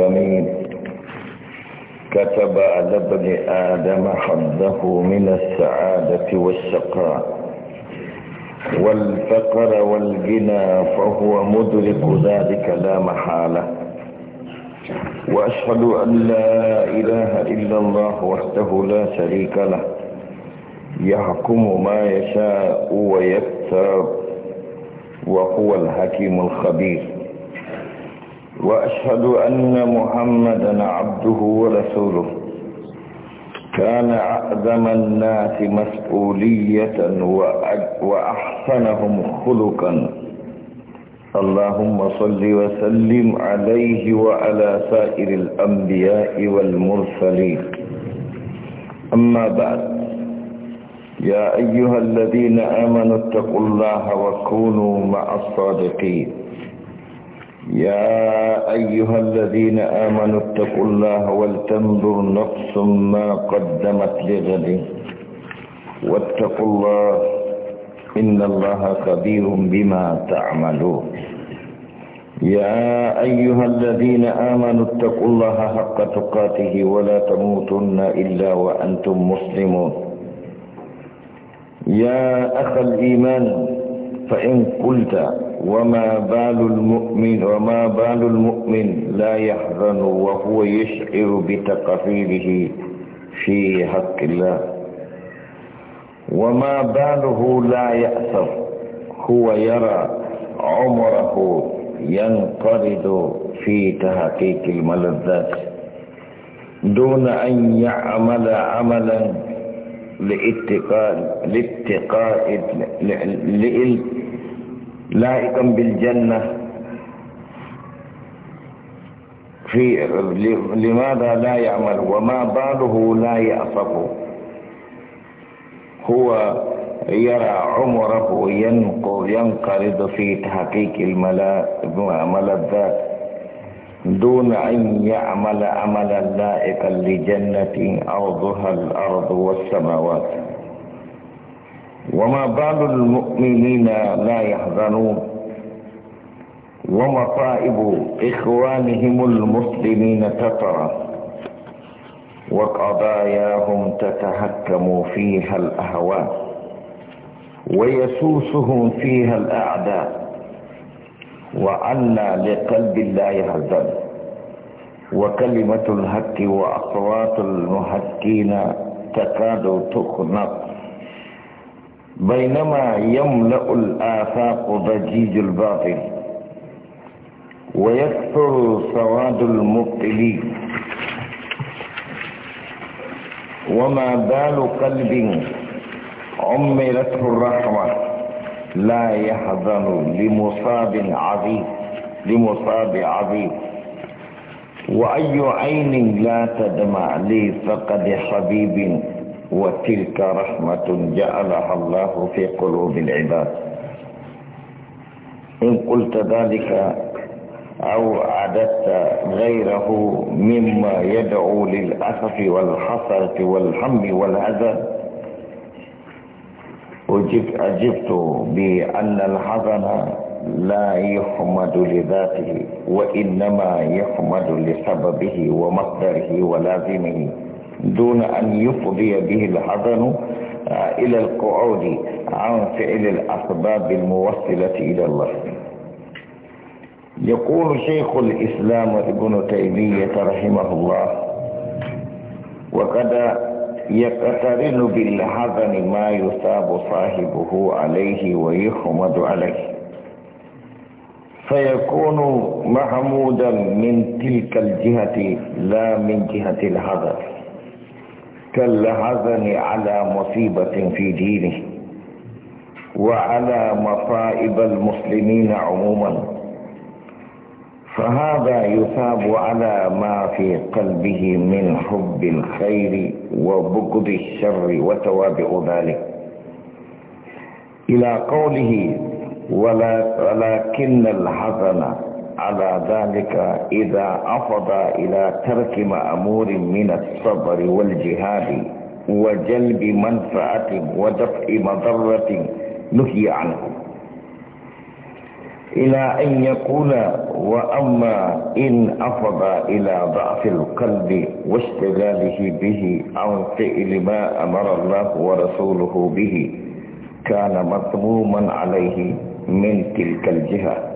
فمن كتب على ابن آدم حظه من السعادة والشقاء والفقر والغنى فهو مدرك ذلك لا محالة وأشهد أن لا إله إلا الله وحده لا شريك له يحكم ما يشاء ويكتب وهو الحكيم الخبير وأشهد أن محمدا عبده ورسوله كان أعظم الناس مسؤولية وأحسنهم خلقا اللهم صل وسلم عليه وعلى سائر الأنبياء والمرسلين أما بعد يا أيها الذين آمنوا اتقوا الله وكونوا مع الصادقين يا أيها الذين آمنوا اتقوا الله ولتنظر نفس ما قدمت لغد واتقوا الله إن الله خبير بما تعملون يا أيها الذين آمنوا اتقوا الله حق تقاته ولا تموتن إلا وأنتم مسلمون يا أخ الإيمان فإن قلت وما بال المؤمن وما بال المؤمن لا يحزن وهو يشعر بتقفيله في حق الله وما باله لا يأسف هو يرى عمره ينقرض في تحقيق الملذات دون أن يعمل عملا لاتقاء لاتقاء لإلتقاء لائقا بالجنة في لماذا لا يعمل وما باله لا يأصف هو يرى عمره ينقرض في تحقيق الملذات دون أن يعمل عملا لائقا لجنة أرضها الأرض والسماوات وما بال المؤمنين لا يحزنون ومصائب إخوانهم المسلمين تترى وقضاياهم تتحكم فيها الأهواء ويسوسهم فيها الأعداء وأنى لقلب لا يحزن وكلمة الهك وأصوات المهكين تكاد تخنق بينما يملأ الآفاق ضجيج الباطل ويكثر سواد المبطلين وما بال قلب عمرته الرحمة لا يحزن لمصاب عظيم لمصاب عظيم وأي عين لا تدمع لفقد حبيب وتلك رحمة جعلها الله في قلوب العباد إن قلت ذلك أو عددت غيره مما يدعو للأسف والحسرة والهم والعذاب أجبت بأن الحزن لا يحمد لذاته وإنما يحمد لسببه ومقدره ولازمه دون أن يفضي به الحزن آه، إلى القعود عن فعل الأسباب الموصلة إلى الله يقول شيخ الإسلام ابن تيمية رحمه الله وقد يقترن بالحزن ما يثاب صاحبه عليه ويحمد عليه فيكون محمودا من تلك الجهة لا من جهة الحذر كالحزن على مصيبة في دينه وعلى مصائب المسلمين عموما فهذا يثاب على ما في قلبه من حب الخير وبغض الشر وتوابع ذلك إلى قوله ولكن الحزن على ذلك إذا أفضى إلى ترك مأمور من الصبر والجهاد وجلب منفعة ودفع مضرة نهي عنه إلى أن يقول وأما إن أفضى إلى ضعف القلب واشتغاله به أو فعل ما أمر الله ورسوله به كان مطموما عليه من تلك الجهات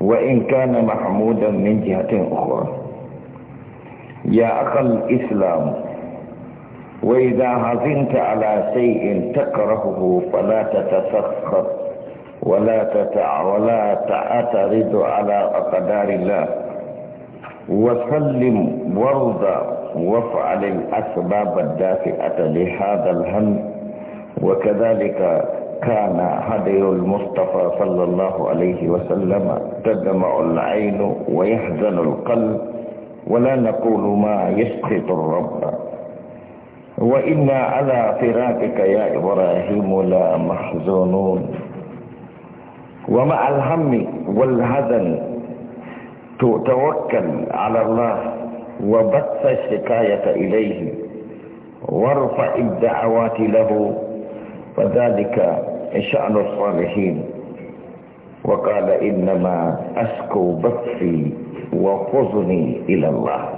وإن كان محمودا من جهة أخرى يا أخ الإسلام وإذا عزمت على شيء تكرهه فلا تتسخط ولا تتع ولا تعترض على أقدار الله وسلم وارضى وافعل الأسباب الدافئة لهذا الهم وكذلك كان هدي المصطفى صلى الله عليه وسلم تدمع العين ويحزن القلب ولا نقول ما يسخط الرب وإنا على فراقك يا إبراهيم لا محزونون ومع الهم والهزن توكل على الله وبث الشكاية إليه وارفع الدعوات له فذلك شأن الصالحين وقال إنما أسكو بطفي وحزني إلى الله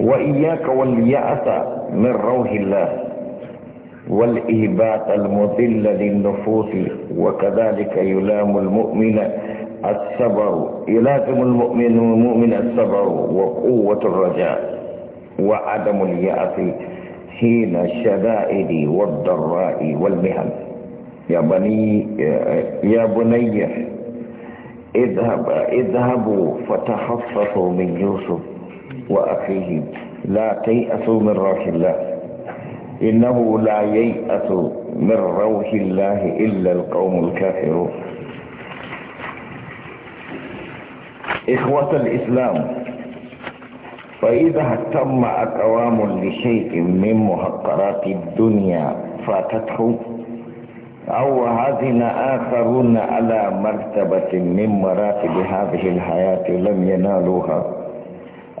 وإياك واليأس من روح الله والإهبات المذل للنفوس وكذلك يلام المؤمن الصبر يلازم المؤمن المؤمن الصبر وقوة الرجاء وعدم اليأس حين الشدائد والضراء والمهن يا بني يا بني اذهب اذهبوا فتحصصوا من يوسف وأخيه لا تيأسوا من روح الله إنه لا ييأس من روح الله إلا القوم الكافرون إخوة الإسلام فإذا اهتم أقوام لشيء من محقرات الدنيا فاتته أو هذين آخرون على مرتبة من مراتب هذه الحياة لم ينالوها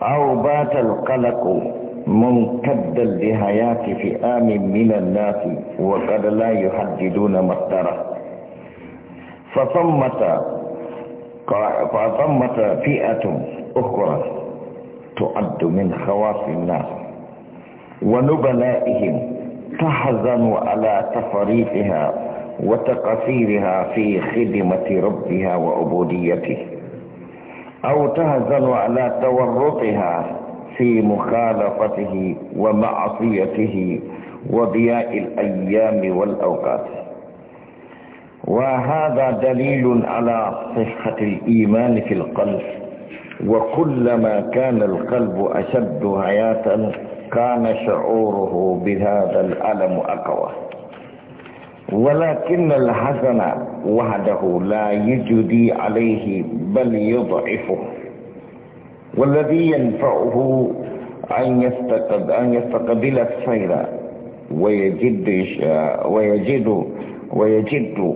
أو بات القلق منكدا لحياة فئام من الناس وقد لا يحددون مقدره فثمة فثمة فئة أخرى تعد من خواص الناس ونبلائهم تحزن على تفريطها وتقصيرها في خدمة ربها وعبوديته أو تهزن على تورطها في مخالفته ومعصيته وضياء الأيام والأوقات وهذا دليل على صحة الإيمان في القلب وكلما كان القلب أشد حياة كان شعوره بهذا الألم أقوى ولكن الحسن وحده لا يجدي عليه بل يضعفه والذي ينفعه أن يستقبل, أن يستقبل السير ويجد ويجد ويجد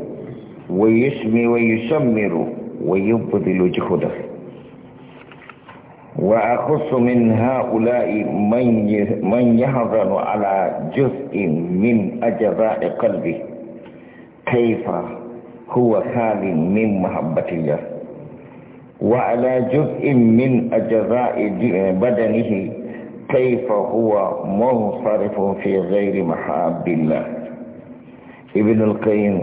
ويسمي ويسمر ويبذل جهده وأخص من هؤلاء من من يحزن على جزء من أجزاء قلبه كيف هو خال من محبة الله وعلى جزء من أجزاء بدنه كيف هو منصرف في غير محاب الله ابن القيم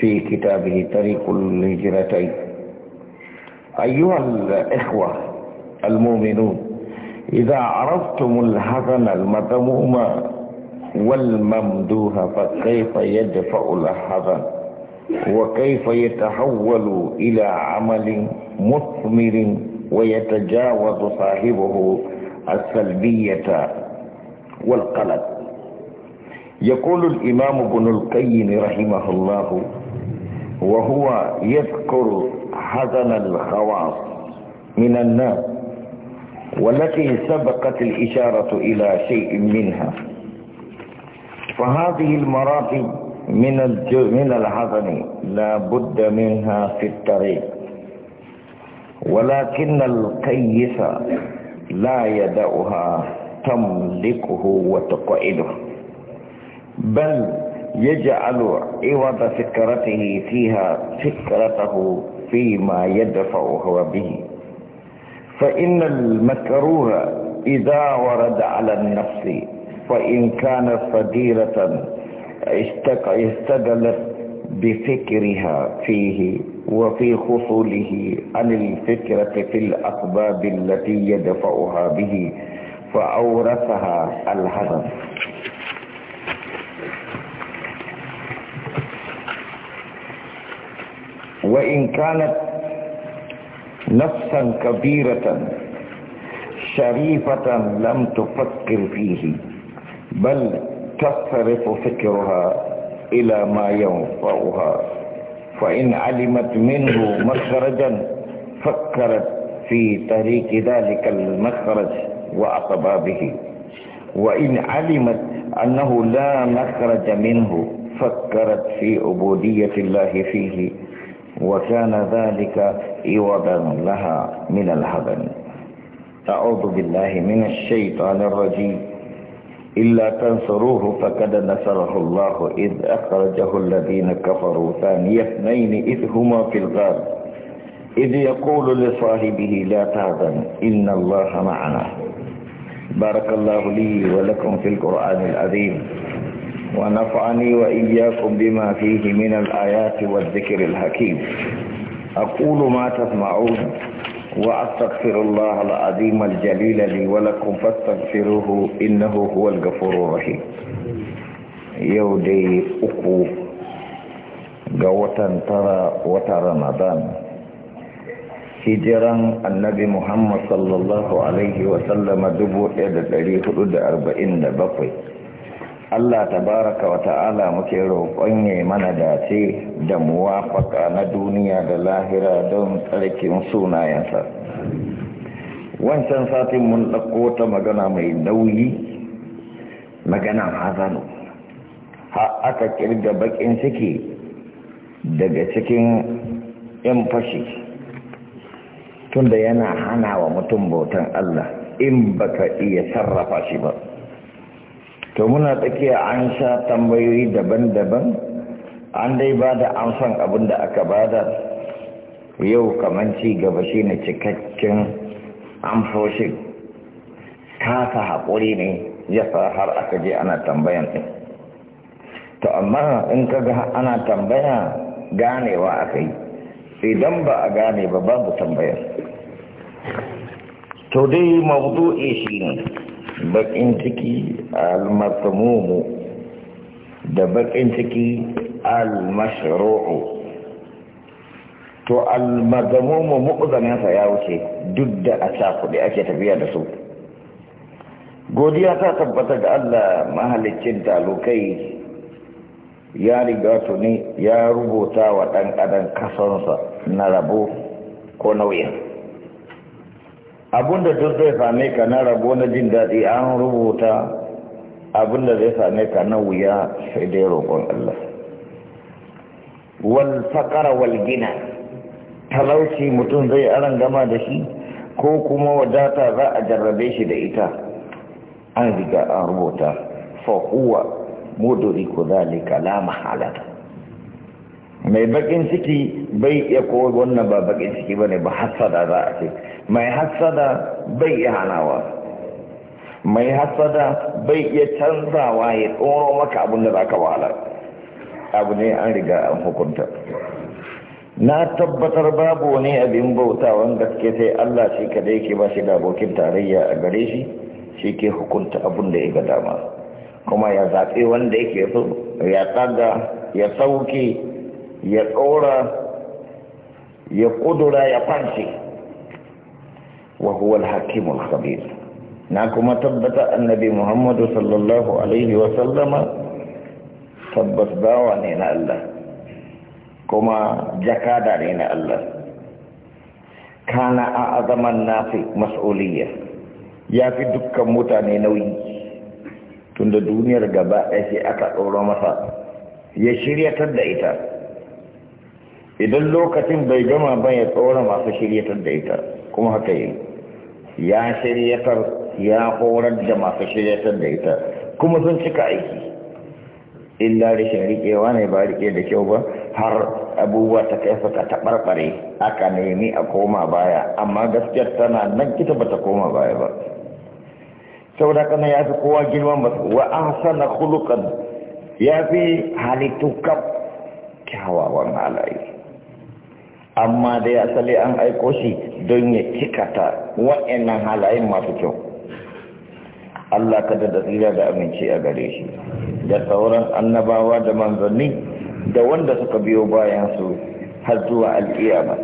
في كتابه طريق الهجرتين أيها الإخوة المؤمنون إذا عرفتم الحزن المذموم والممدوح فكيف يدفع الحزن وكيف يتحول إلى عمل مثمر ويتجاوز صاحبه السلبية والقلق يقول الإمام ابن القيم رحمه الله وهو يذكر حزن الخواص من الناس والتي سبقت الإشارة إلى شيء منها فهذه المراحل من من الحزن لا بد منها في الطريق ولكن القيس لا يدعها تملكه وتقعده بل يجعل عوض فكرته فيها فكرته فيما يدفعها به فإن المكروه إذا ورد على النفس فإن كانت صغيرة استقلت بفكرها فيه وفي خصوله عن الفكرة في الأسباب التي يدفعها به فأورثها الهدف وإن كانت نفسا كبيرة شريفة لم تفكر فيه بل تصرف فكرها إلى ما ينفعها فإن علمت منه مخرجا فكرت في طريق ذلك المخرج به وإن علمت أنه لا مخرج منه فكرت في عبودية الله فيه وكان ذلك عوضا لها من الهدم أعوذ بالله من الشيطان الرجيم إلا تنصروه فقد نصره الله إذ أخرجه الذين كفروا ثاني اثنين إذ هما في الغار إذ يقول لصاحبه لا تعذن إن الله معنا بارك الله لي ولكم في القرآن العظيم ونفعني وإياكم بما فيه من الآيات والذكر الحكيم أقول ما تسمعون واستغفر الله العظيم الجليل لي ولكم فاستغفروه انه هو الغفور الرحيم يودي اكو غوتان ترى وترى رمضان هجران النبي محمد صلى الله عليه وسلم دبو الى دليل حدود اربعين بقي Allah tabaraka wa ta'ala muke roƙon ya mana dace da muwafaka na duniya da lahira don tsarkin sunayensa. Wancan satin mun ɗauko ta magana mai nauyi, magana hazanu. Ha aka ƙirga baƙin ciki daga cikin ‘yan fashi, tunda yana hana wa mutum bautan Allah in baka iya sarrafa shi ba. to muna tsakiya an sha tambayoyi daban-daban an dai ba da amsan abin da aka ba da yau kamar ci gaba shi ne cikakken amsoshin kasa haƙuri ne ya sa har aka je ana tambayan ɗin to amma in ka ga ana tambaya ganewa aka yi idan ba a gane ba babu tambayar to dai mawdu'i shi ne bakin ciki al-masmumu da bakin ciki al-mashru'u to al-mazmumu ya wuce duk da a ta kudi ake tafiya da su godiya ta tabbata ga Allah mahaliccin talukai ya riga tuni ya rubuta wa dan adam kasansa na rabo ko nauyin abinda duk zai same ka na rabo na jin daɗi an rubuta abinda zai same ka na wuya sai dai roƙon Allah wal faƙara wal gina talauci mutum zai aran gama da shi ko kuma wadata za a jarrabe shi da ita an riga an rubuta fahuwa muduri ku zalika la halata. mai bakin ciki bai iya kowai wannan ba bakin ciki bane ba hasada za a ce mai hassada bai iya hanawa mai hassada bai iya canzawa ya tsoro maka abin da za ka wahala. abu ne an riga an hukunta na tabbatar babu wani abin bautawan gaske sai Allah shi kadai yake ba shi da abokin tarayya a gare shi shi ke hukunta abin da ya ga dama kuma ya zaɓe wanda yake so ya tsaga ya sauke ya tsora ya kudura ya fanshe wa huwa al-hakimul khabir na kuma tabbata annabi Muhammadu sallallahu alaihi wa sallama tabbas bawa ne na Allah kuma jakada ne na Allah kana a azaman nafi mas'uliyya ya fi dukkan mutane nauyi tunda duniyar gaba ya sai aka ɗora masa ya shiryatar da ita idan lokacin bai gama ban ya tsora masu shiryatar da ita kuma haka yi ya shiryatar ya horar da masu shiryatar da ita kuma sun cika aiki illa da riƙewa ne ba rike da kyau ba har abubuwa ta kai suka taɓarɓare aka nemi a koma baya amma gaskiyar tana nan ita ba ta koma baya ba saboda kana ya fi kowa girman ba wa an sana hulukan ya fi halittu kaf kyawawan halaye amma dai asali an aiko shi don ya cikata wa'annan halayen masu kyau Allah ka da tsira da aminci a gare shi da sauran annabawa da manzanni da wanda suka biyo bayan su har zuwa al'iyama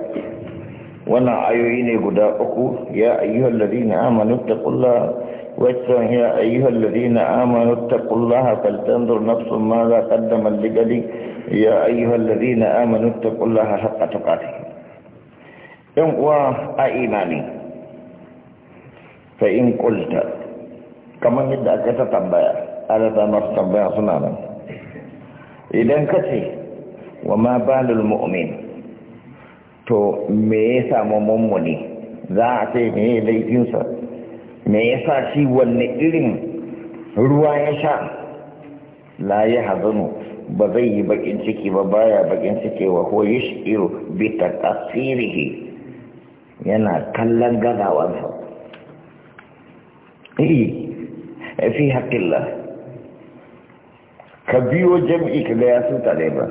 wannan ayoyi ne guda uku ya ayyuhal ladina amanu taqulla wa ya ayyuhal ladina amanu fal tanzur nafsun ma za qaddamat ya ayyuhal ladina amanu taqullaha haqqa tuqatih yan uwa a imani fa in qulta yadda aka tambaya ala tambaya suna nan idan kace wa ma balul mu'min to me yasa mu mummuni za a ce me ne laifin sa me yasa shi wanne irin ruwa ya sha la ya hazanu ba zai yi bakin ciki ba baya bakin ciki wa ko yushiru bi takasirihi yana kallon gazawansa a fi haqqillah ka biyo jam'i ka ya suta dai ba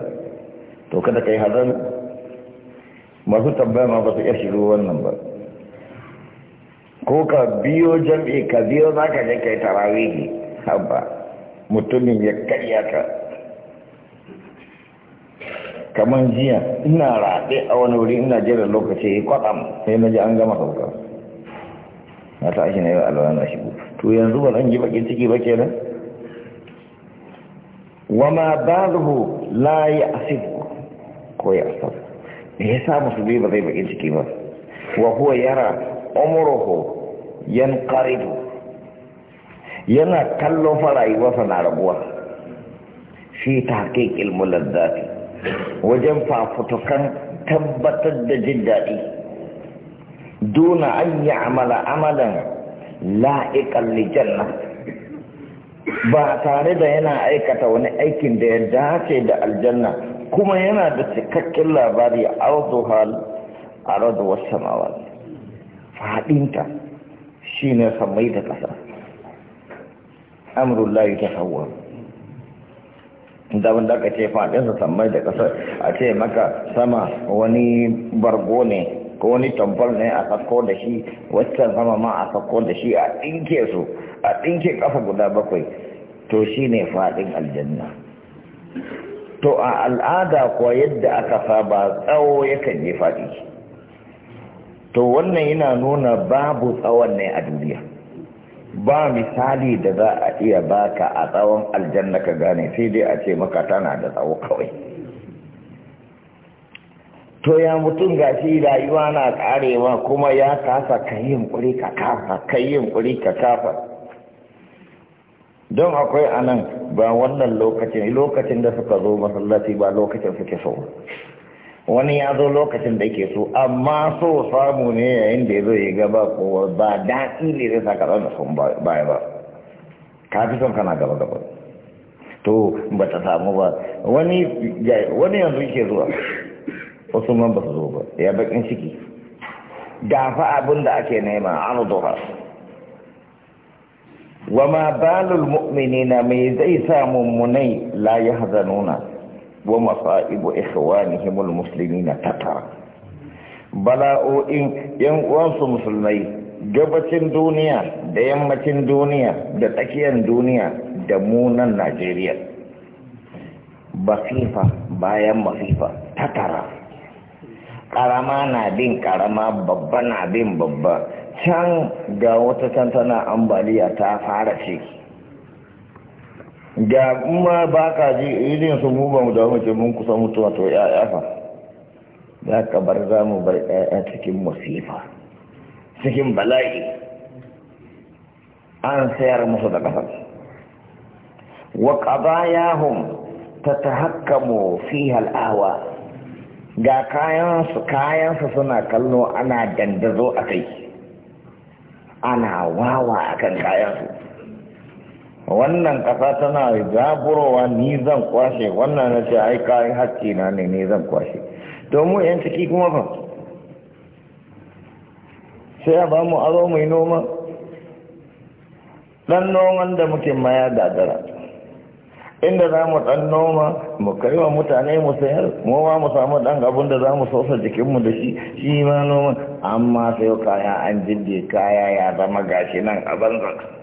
to kada kai hazan masu tambaya ma ba su iya shiru wannan ba ko ka biyo jam'i ka biyo za ka je kai tarawihi haba mutumin ya karya ka kamar jiya ina raɗe a wani wuri ina jira lokaci kwatsam sai na ji an gama sauka na tashi na yau alwala na shigo to yanzu ba zan yi bakin ciki ba kenan wama baluhu la ya asif ko ya asaf me yasa bai ba zai bakin ciki ba wa huwa yara umruhu yanqaridu yana kallon fa rayuwarsa na rabuwa fi tahqiqil muladdati wajen fafutukan tabbatar da jin daɗi duna an yi amala amalan la'ikan lijanna ba tare da yana aikata wani aikin da ya dace da aljanna kuma yana da cikakken labari a hal a razuwar samawar faɗinta shi ne samai da ƙasa amurullahi ta hawa da wanda aka ce faɗinsa sammai da ƙasar a ce maka sama wani bargo ne ko wani tambar ne a sako da shi waccan sama ma a sako da shi a ɗinke su a ɗinke ƙafa guda bakwai to shi ne faɗin aljanna to a al'ada kuwa yadda aka saba tsawo yakan je faɗi to wannan yana nuna babu tsawon ne a duniya ba misali da za a iya baka a tsawon aljanna ka gane sai dai a ce maka tana da tsawo kawai to ya mutum ga shi rayuwa na karewa kuma ya kasa kayin yi ka kafa kayin yi ka kafa don akwai anan ba wannan lokacin lokacin da suka zo masallaci ba lokacin suke so wani ya zo lokacin da ke so amma so samu ne yayin da ya zo ya gaba ko ba daɗi ne zai saka zan da sun baya ba ka fi son kana gaba gaba to ba ta samu ba wani wani yanzu ike zuwa wasu man ba su zo ba ya bakin ciki da abin da ake nema an zuwa wa ma balul mu'minina mai zai sa mummunai la nuna wa masa'ibu ikhwanihim almuslimina tattara bala'o'in yan uwansu musulmai gabacin duniya da yammacin duniya da tsakiyar duniya da munan najeriya basifa bayan masifa tattara karama na bin karama babba na bin babba can ga wata tantana ambaliya ta fara ce ga ma ba ka ji irin su mu ba mu da mun kusa mutuwa to ya'ya fa za ka bar za mu bar ya'ya cikin masifa cikin bala'i an sayar musu da ƙasar wa qadayahum tatahakkamu fiha al-ahwa ga kayan su kayan su suna kallo ana dandazo akai ana wawa akan kayan su wannan ƙasa tana zaburowa ni zan kwashe wannan na ce ai kayan haƙƙi na ne ni zan kwashe domin yan ciki kuma ba sai a ba mu aro mai noma ɗan noman da muke maya dara inda za mu ɗan noma mu kai wa mutane mu sayar mu ma mu samu ɗan abin da za mu sosa jikinmu da shi shi ma noman amma sai kaya an jirge kaya ya zama gashi nan a banza.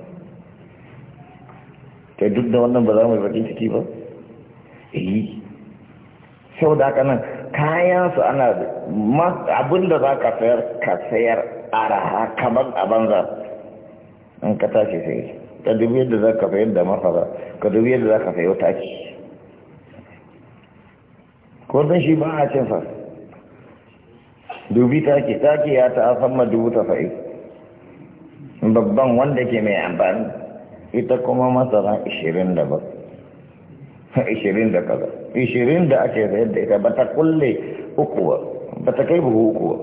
kai duk da wannan ba za mu bakin ciki ba yi eh. sau da kanan kayan su ana abin da za ka sayar ka sayar araha kamar a banza in ka tashi sai ka dubi yadda za ka sayar da mafaza ka dubi yadda za ka sayo taki ko zan shi ba a cin sa dubi taki taki ya ta asamma dubu tafa'i babban wanda ke mai amfani ita kuma masara ishirin da ba ishirin da kaza ishirin da ake sayar da ita ba ta kulle ukuwa ba ta kai buhu ukuwa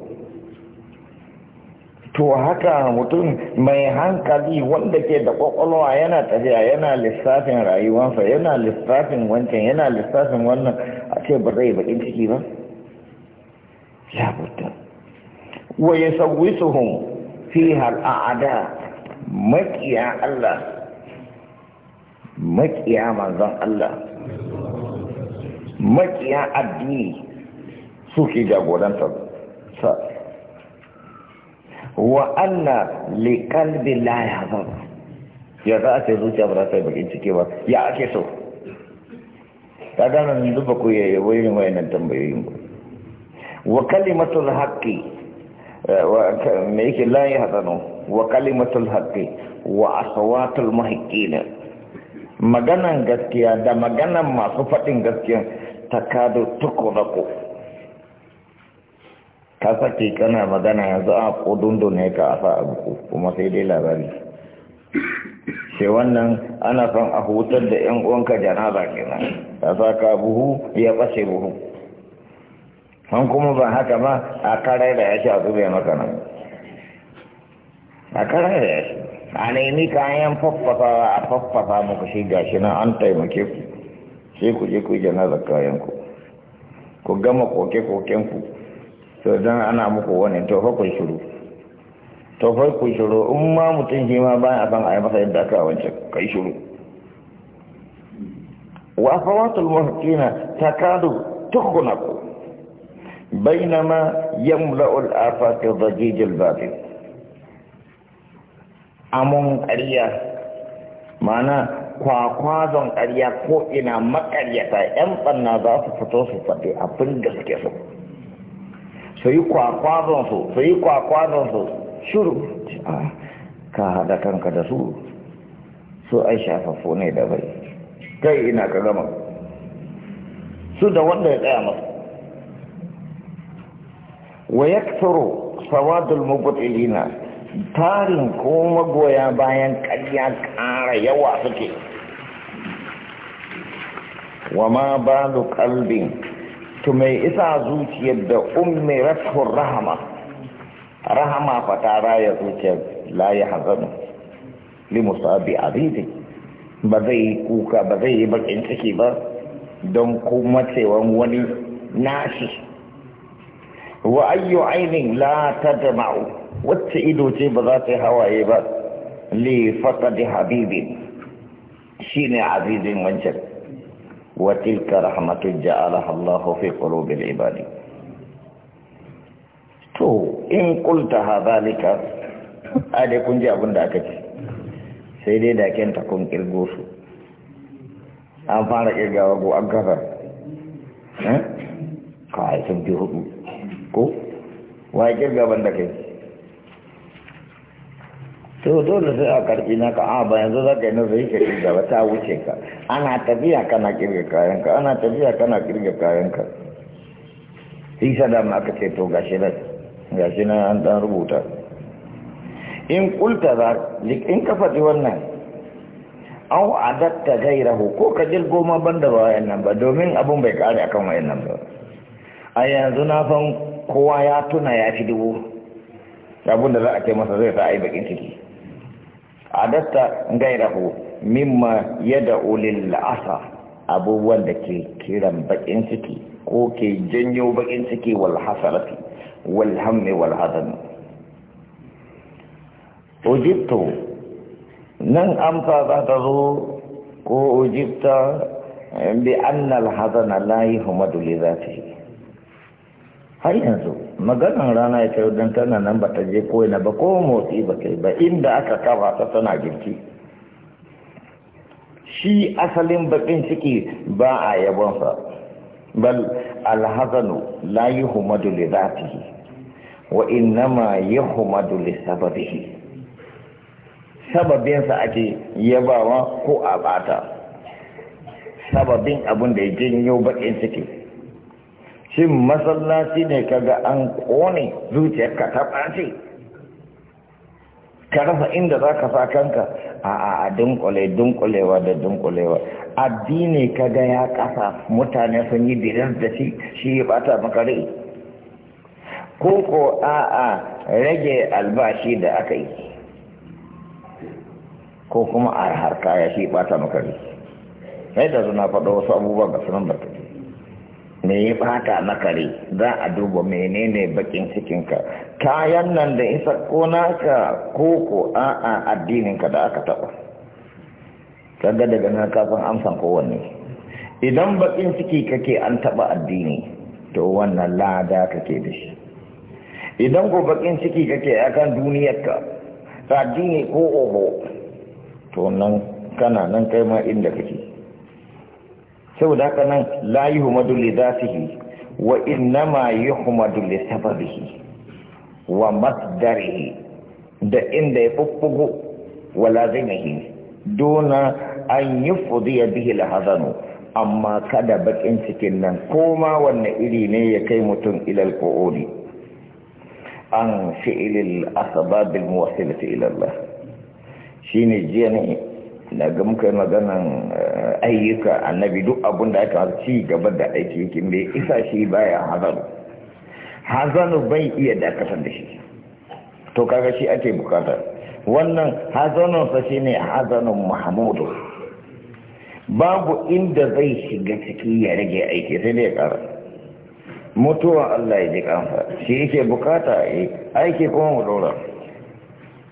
to haka mutum mai hankali wanda ke da kwakwalwa yana tafiya yana lissafin rayuwansa yana lissafin wancan yana lissafin wannan a ce ba zai bakin ciki ba buta wa ya hun fi har a'ada makiya Allah makiya manzon Allah makiya addini suke jagorantar sa wa anna li kalbi la yazab ya za a ce zuciya ba za ta yi bakin ciki ba ya ake so ta gano nan duba ku yayi wayin wayannan tambayoyin ku wa kalimatul haqqi eh, wa me yake la yahzanu wa kalimatul haqqi wa aswatul muhiqqina maganan gaskiya da maganan masu faɗin gaskiya ta kado tukurako ka sake kana magana yanzu a kudundo ne ka a buku kuma sai dai labari sai wannan ana son a hutar da yan uwanka janaza kenan ta ka buhu ya ɓace buhu an kuma ba haka ba a karai da ya sha zube maka nan a karai da ya sha a nemi kayan faffafa a faffasa muku shi gashi nan an taimake ku sai ku je ku janaza kayan ku ku gama koke-koken ku to dan ana muku wani to fa ku shiru to fa ku shiru in ma mutum shi ma bayan a san a yi masa yadda aka wance kai shiru wa fawatul muhakkina takadu tukhunaku bainama yamla'u al-afaq dhajij al-batil amon ƙarya mana kwakwazon ƙarya ko ina makaryata 'yan ɓanna za su fito su faɗi abin da suke so su yi kwakwazon su su yi kwakwazon su shuru ka haɗa kanka da su su ai shafafo ne da bai kai ina ka gama su da wanda ya tsaya masu wa yaktaro sawadul mubtilina tarin ko magoya bayan ƙarya ƙara yawa suke wa ma ba da kalbin to mai isa zuciyar da ummi ratun rahama rahama ta raya zuciyar layi hazanu limusa bi abidi ba zai yi kuka ba zai yi bakin ciki ba don kuma cewan wani nashi wa ayyu ainin la ta jama'u wacce ido ce ba za ta yi hawaye ba li fasadi habibi shine azizin wancan wa tilka rahmatun ja'alaha fi qulubil ibadi to in qulta hadhalika a dai kun ji abin da aka ce sai dai da kenta kun kirgo su an fara kirgawa go an kafa eh kai sun bi hudu ko wa kirgaban da kai to dole sai a na naka a ba yanzu za ka yi zai ka da ba ta wuce ka ana tafiya kana kirga ka ana tafiya kana kirga kayanka shi ma aka ce to gashi nan gashi an dan rubuta in kulta za in ka faɗi wannan au adatta gairahu ko ka goma ban da ba wayan ba domin abun bai kare akan wayannan ba a yanzu na san kowa ya tuna ya fi dubu abun da za a ce masa zai sa a yi bakin ciki adasta gairahu mimma yada ulil asa abubuwan da ke kiran bakin ciki ko ke janyo bakin ciki wal hasarati wal hammi wal hadan ujibtu nan amsa za ta zo ko ujibta bi anna al hazana la yuhmadu li dhatihi har yanzu maganin rana ya kai don tana nan ba ta je koyana ba ko motsi ba kai ba inda aka kafa ta tana girki shi asalin bakin ciki ba a yabonsa bal alhazanu la yi humadu li zatihi wa innama yi humadu li sababihi sababinsa ake yabawa ko a bata sababin abin da ya janyo bakin ciki shin masallaci ne kaga an kone zuciyarka ta ɓace ka rasa inda za ka sa kanka a a dunkule dunkulewa da dunkulewa addini kaga ya ƙasa mutane sun yi birin da shi shi ya bata maka rai ko ko a a rage albashi da aka yi ko kuma a harka ya shi bata maka rai sai da zuna faɗo wasu abubuwa ga sunan barka me ya bata makare za a duba menene bakin cikinka kayan nan da isa ko naka ko ko a'a addininka da aka taɓa kaga daga nan kafin amsan kowanne idan bakin ciki kake an taɓa addini to wannan lada kake da shi idan ko bakin ciki kake akan duniyarka addini ko oho to nan kana nan kai ma inda kake saboda haka nan la yuhmadu li dhatihi wa innama yuhmadu li sababihi wa masdarihi da inda ya fuffugo wa lazimihi dona an yufdiya bihi al amma kada bakin cikin nan koma wanne iri ne ya kai mutum ilal qu'udi an fi'il al-asbab al-muwasilati ila shine jiya ne daga muka yi maganan eh, ayyuka annabi duk abin da aka ci gaba da aiki yake mai isa shi baya hazanu hazanu bai iya dakatar da shi to kaga shi ake bukatar wannan sa shi ne hazanun mahamudu babu inda zai shiga ciki ya rage aiki sai ne ya kara mutuwa Allah ya ji kansa shi yake bukata aiki kuma mu dora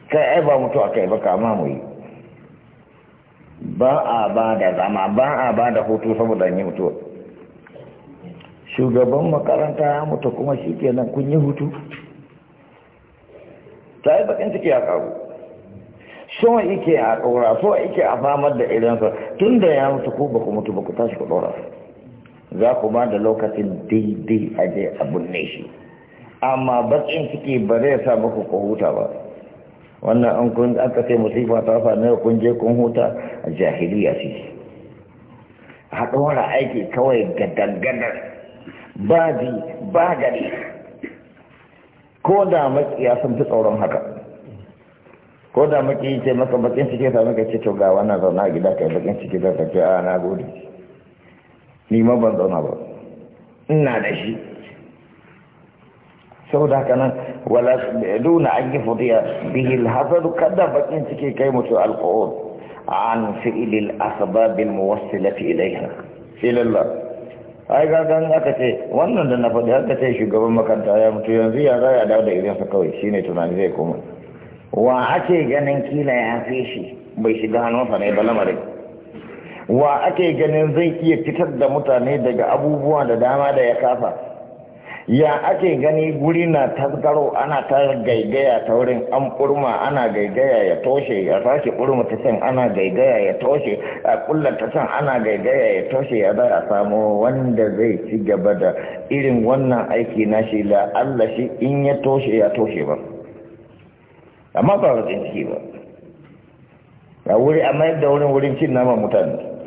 kai ai ba mutuwa kai ba kama mu yi ba a ba da zama ba a ba da hutu saboda yin hutu shugaban makaranta ya mutu kuma shi ke nan kun yi hutu ta yi bakin ciki a karu so ike a kaura so ike a famar da idansa tun da ya mutu ko ba ku mutu ba ku tashi ku ɗora za ku ba da lokacin daidai je a ne shi amma bakin ciki ba zai sa muku ku huta ba wannan an kun aka sai musifa ta fa ne kun je kun huta a jahiliya ce a ɗora aiki kawai ga dangadar ba ji ba gari ko da makiya sun fi tsoron haka ko da maki ce maka bakin ciki ta maka ce to ga wannan zauna a gida kai bakin ciki da ka ce a na gode ni ma ban zauna ba ina da shi saboda haka nan wala duna an yi fudiya bihi alhasadu kada bakin cike kai mutu alqur an fi'il al-asbab al-muwassilati ilayha Filalla. ai ga gan aka ce wannan da na faɗi aka ce shugaban makaranta ya mutu yanzu ya za ya dawo da irinsa kawai shine tunani zai koma wa ake ganin kila ya fi shi bai shiga hannunsa ne ba lamarin wa ake ganin zai iya fitar da mutane daga abubuwa da dama da ya kafa ya ake gani guri na tasgaro ana ta gaigaya ta wurin an kurma ana gaigaya ya toshe ya sake kurma ta can ana gaigaya ya toshe a kullum ta can ana gaigaya ya toshe ya za a samu wanda zai ci gaba da irin wannan aiki na shi la Allah shi in ya toshe ya toshe ba amma ba wajen ciki ba a wuri amma yadda wurin wurin cin nama mutane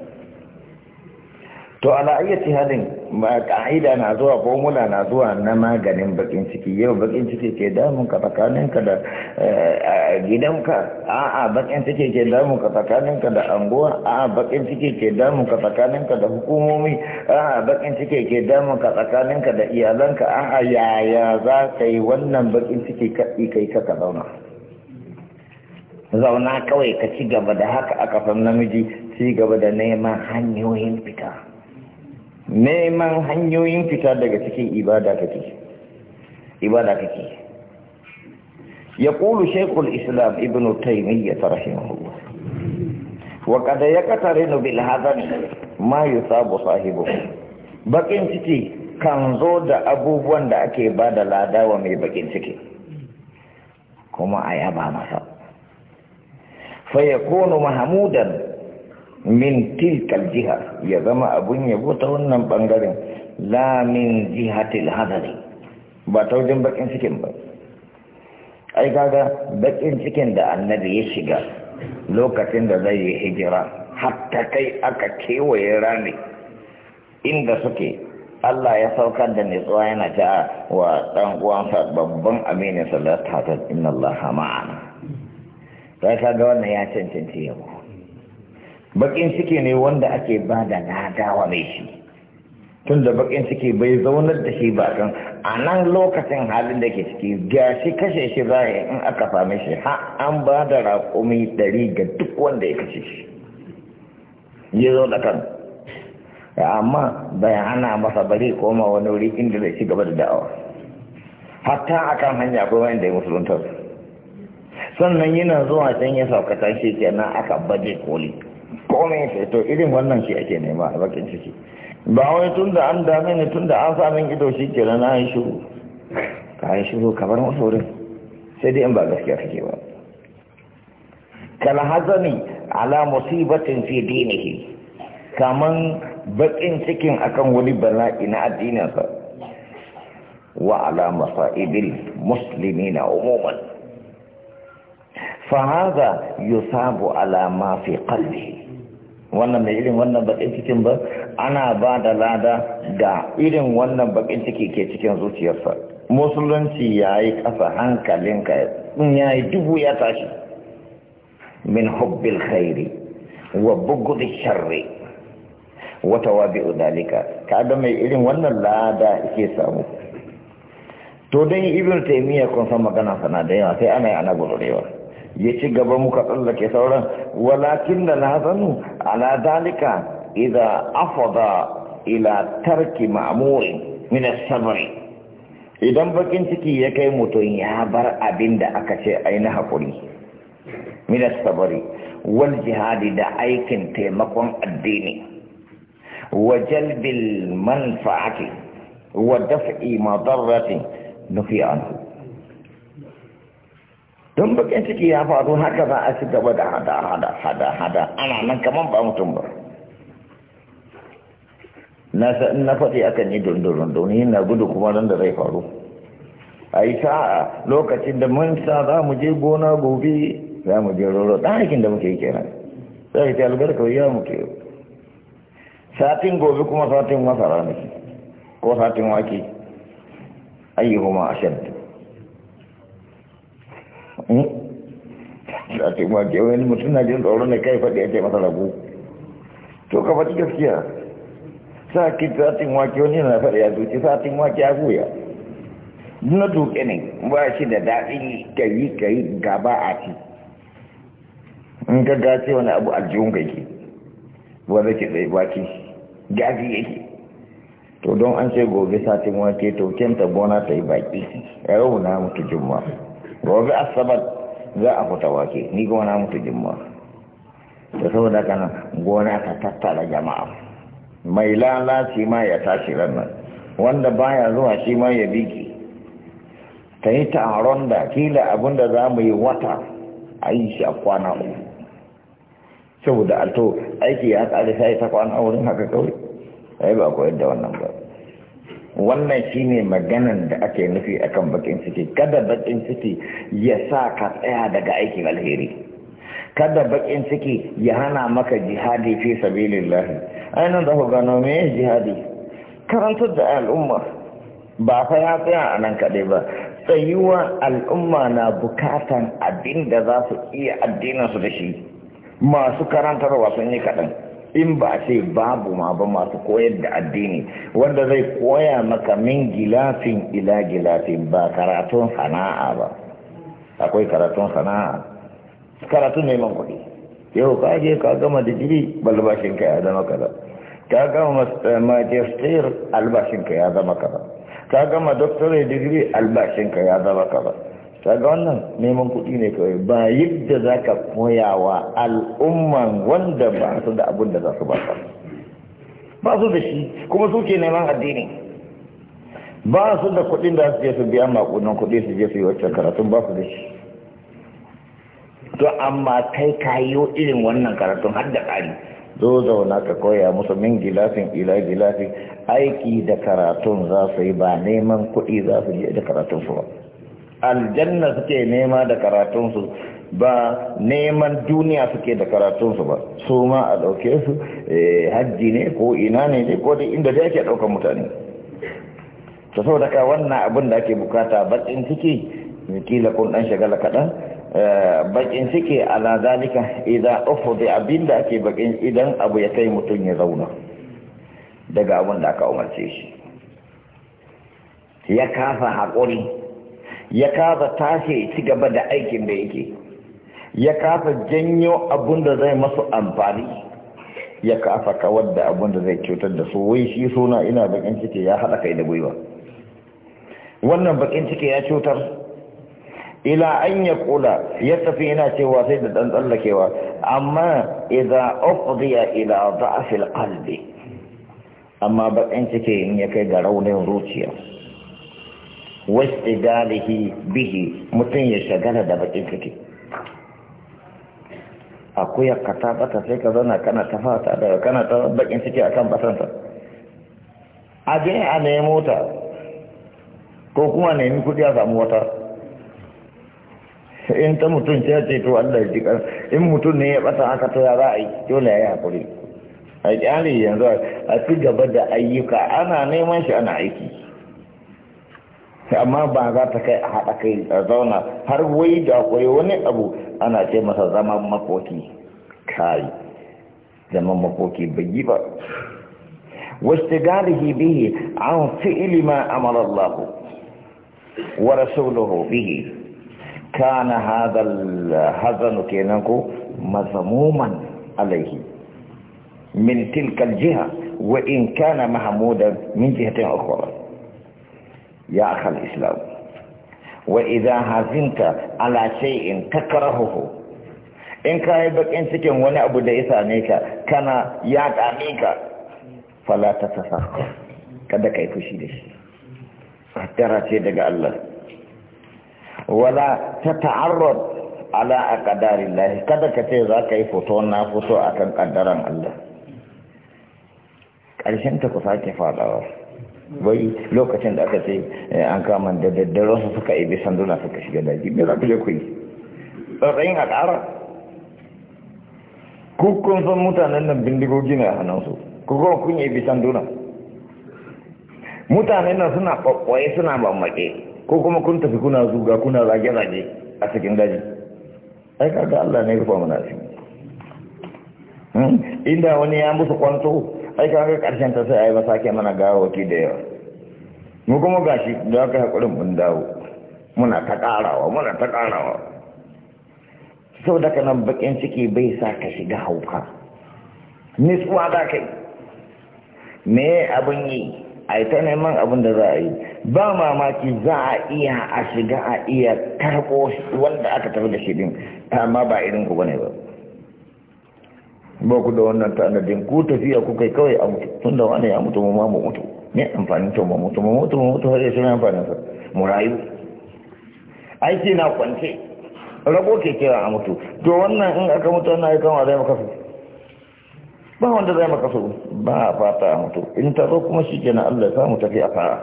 to ala ayyati halin ka'ida na zuwa formula na zuwa na maganin bakin ciki yau bakin ciki ke damun ka tsakanin ka da eh, gidanka a'a bakin ciki ke damun ka tsakanin ka da anguwa a'a bakin ciki ke damun ka tsakanin ka da hukumomi a'a bakin ciki ke damun ka tsakanin ka da iyalanka a'a yaya za ka yi wannan bakin ciki kaɗi kai ka ka zauna zauna kawai ka ci gaba da haka aka san namiji ci gaba da neman hanyoyin fita neman hanyoyin fita daga cikin ibada kake ibada kake ya kulu shekul islam ibn taimiyya ta rahimahullah wa kada ya katare bil hadan ma yusabu sahibu bakin ciki kan zo da abubuwan da ake ba da lada wa mai bakin ciki kuma a yaba masa fa yakunu mahmudan min tilkal jiha ya zama abun yabo ta wannan bangaren la min jihatil hadari ba ta wajen bakin cikin ba ai kaga bakin cikin da annabi ya shiga lokacin da zai yi hijira hatta kai aka kewaye rami inda suke Allah ya saukar da nutsuwa yana ta wa ɗan uwansa babban aminin sallallahu alaihi wa inna Allah ma'ana sai kaga wannan ya cancanci yabo bakin ciki ne wanda ake ba da nadawa mai shi tun da bakin ciki bai zaunar da shi ba kan a nan lokacin halin da ke ciki ga shi kashe shi za a in aka fama shi ha an ba da raƙumi ɗari ga duk wanda ya kashe shi ya zo da kan amma bai hana masa bari koma wani wuri inda zai ci gaba da da'awa hatta akan hanya akwai wanda ya musulunta sannan yana zuwa can ya saukata shi kenan aka baje koli komai sai to irin wannan shi ake nema a bakin ciki ba wai tun da an dame ne tun da an samun ido shi ke na yi shiru ka yi shiru kamar wasu wurin sai dai in ba gaskiya kake ba hazani ala musibatin fi dinihi kaman bakin cikin akan wani bala'i na addininsa wa ala masaibil muslimina umuman fa hadha yusabu ala ma fi qalbihi wannan mai irin wannan bakin cikin ba ana ba da lada da irin wannan bakin ciki ke cikin zuciyarsa musulunci ya yi ƙasa hankalinka in ya yi dubu ya tashi min hubbil khairi wa bugu bugudi sharri wa tawabi'u dalika kaga mai irin wannan lada ke samu to dai ibn taimiyya kun san magana sana da yawa sai ana yi ana gudurewa ya ci gaba muka tsallake sauran walakin da na zanu ala dalika. idan afada ila tarki ma'amuri min sabri idan bakin ciki ya kai mutum ya bar abin da aka ce aini hakuri min sabri wal jihadi da aikin taimakon addini wa jalbil manfa'ati wa daf'i madarrati nufi anhu don bakin ciki ya faru haka za a ci gaba da hada hada hada hada ana nan kamar ba mutum ba na fati akan yi dundurun domin na gudu kuma nan da zai faru a yi sa'a lokacin da mun sa za mu je gona gobe za mu je roro ɗanakin da muke yi kenan sai ta albarka ya muke satin gobe kuma satin masara ne ko satin wake ayyuhuma ashad da hmm? ta ma ke wani mutum na jin tsoron da kai faɗi ake masa rabu to ka faɗi gaskiya sa ki satin wake wani na faɗi ya zuci satin wake ya goya na duke ne ba shi da daɗin kayi kayi gaba a ci in ka gace wani abu aljihun ka yake ba zai ke tsaye baki gaji yake to don an ce gobe satin wake to kenta gona ta yi baki rauna mutu juma'a gobe asabar za a fita wake ni kuma na mutu jimma da saboda kan gona ta tattara jama'a mai lalaci ma ya tashi ranar wanda baya zuwa shi ma ya biki ta yi taron da kila abinda za mu yi wata a yi shi a kwana uku saboda alto aiki ya kare sai ta kwana wurin haka kawai ai ba ku yadda wannan ba wannan shine maganan da ake nufi akan bakin ciki kada bakin ciki ya sa ka tsaya daga aikin alheri kada bakin ciki ya hana maka jihadi fi sabilillah ainihin da ku gano me jihadi karantar da al'umma ba fa ya tsaya a nan kaɗai ba tsayuwa al'umma na bukatan abin da za su iya addinansu da shi masu karantarwa sun yi kaɗan in ba a ce babu ma ba masu koyar da addini wanda zai koya maka min gilafin ila gilafin ba karatun sana'a ba akwai karatun sana'a karatun neman kuɗi yau ka je ka gama digiri albashin ka ya zama kaza ka gama eh, majistir albashin ka ya zama kaza ka gama doctorate degree albashin ka ya zama kaza kaga wannan neman kuɗi ne kawai ba yadda za ka koya wa al'umman wanda ba su da abin da za su ba ka ba su da shi kuma su ke neman addini ba su da kuɗin da su je su biya makunan kuɗi su je su yi waccan karatun ba su da shi to amma kai ka yi irin wannan karatun har da ƙari zo zauna ka koya musu min gilafin ila gilafin aiki da karatun za su yi ba neman kuɗi za su je da karatun su ba aljanna suke nema da karatunsu ba neman duniya suke da karatunsu ba su ma a ɗauke su eh, hajji ne ko ina ne ne ko da inda da ake ɗaukar mutane ta sau daga wannan abin da ake bukata bakin ciki kila kun ɗan shagala kaɗan eh, bakin ciki ala zalika idan ofo da abin da ake bakin idan abu ya kai mutum ya zauna daga abin da aka umarce shi ya kasa haƙuri ya kasa tashi ci gaba da aikin da yake ya kasa janyo abun da zai masu amfani ya kasa kawar da abun zai cutar da su wai shi suna ina bakin ciki ya haɗa kai da gwiwa wannan bakin ciki ya cutar ila an ya kula ya tafi yana cewa sai da ɗan tsallakewa amma idza ufdiya ila da'fil qalbi amma bakin ciki in ya kai ga raunin zuciya wasidalihi bihi mutum ya shagala da bakin kake a ka kata bata sai ka zauna kana ta fata da kana ta bakin ciki akan basanta a je a nemo mota ko kuma nemi kudi a samu wata in ta mutum ce ce to Allah ya kan in mutum ne ya bata haka to ya za a yi dole ya yi hakuri a kyale yanzu a ci gaba da ayyuka ana neman shi ana aiki amma ba za ta kai a haɗa kai a zauna har wai da akwai wani abu ana ce masa zaman makoki kai zaman makoki bai yi ba واستداره به عن فعل ما أمر الله ورسوله به كان هذا الحزن كينكو مذموما عليه من تلك الجهة وإن كان محمودا من جهة أخرى ya akal islam wa idan hazinta ala shay'in takrahuhu in ka yi bakin cikin wani abu da ya same ka kana ya dame fala ta tasa kada kai fushi da shi tara ce daga Allah wala ta ta'arrud ala a aqdarillah kada ka ce za ka yi foto na foto akan kaddaran Allah ƙarshen ta ku sake fadawa wai lokacin da aka ce eh, an kama da daddare su suka ibi sanduna suka shiga daji me za ku je ku yi tsarayin a ƙara kukun san mutanen nan bindigogi na hannunsu kukun kun yi ibi sanduna mutanen nan suna ƙwaƙwaye suna bambake ko kuma kun tafi kuna zuga kuna zage-zage a cikin daji aika ga Allah ne rufa mana asiri hmm? inda wani ya musu kwanto ai kaga karshen ta sai ai ba sake mana gawaki da yawa mu kuma gashi da aka hakurin mun dawo muna ta karawa muna ta karawa sau da kanan bakin ciki bai sa ka shiga hauka nisuwa za ka yi me abin yi a yi ta neman abin da za a yi ba mamaki za a iya a shiga a iya karɓo wanda aka tafi da shi din amma ba irin ku bane ba ba ku da wannan tanadin ku tafiya ku kai kawai a mutu tun da wani ya mutu mu ma mu mutu ne amfani to mu mutu mu mutu mu mutu har sai mun amfani sa mu rayu aiki na kwance rabo ke kira a mutu to wannan in aka mutu wannan yi kama zai maka ba wanda zai maka su ba a fata a mutu in ta zo kuma shi kenan Allah ya samu tafi a fara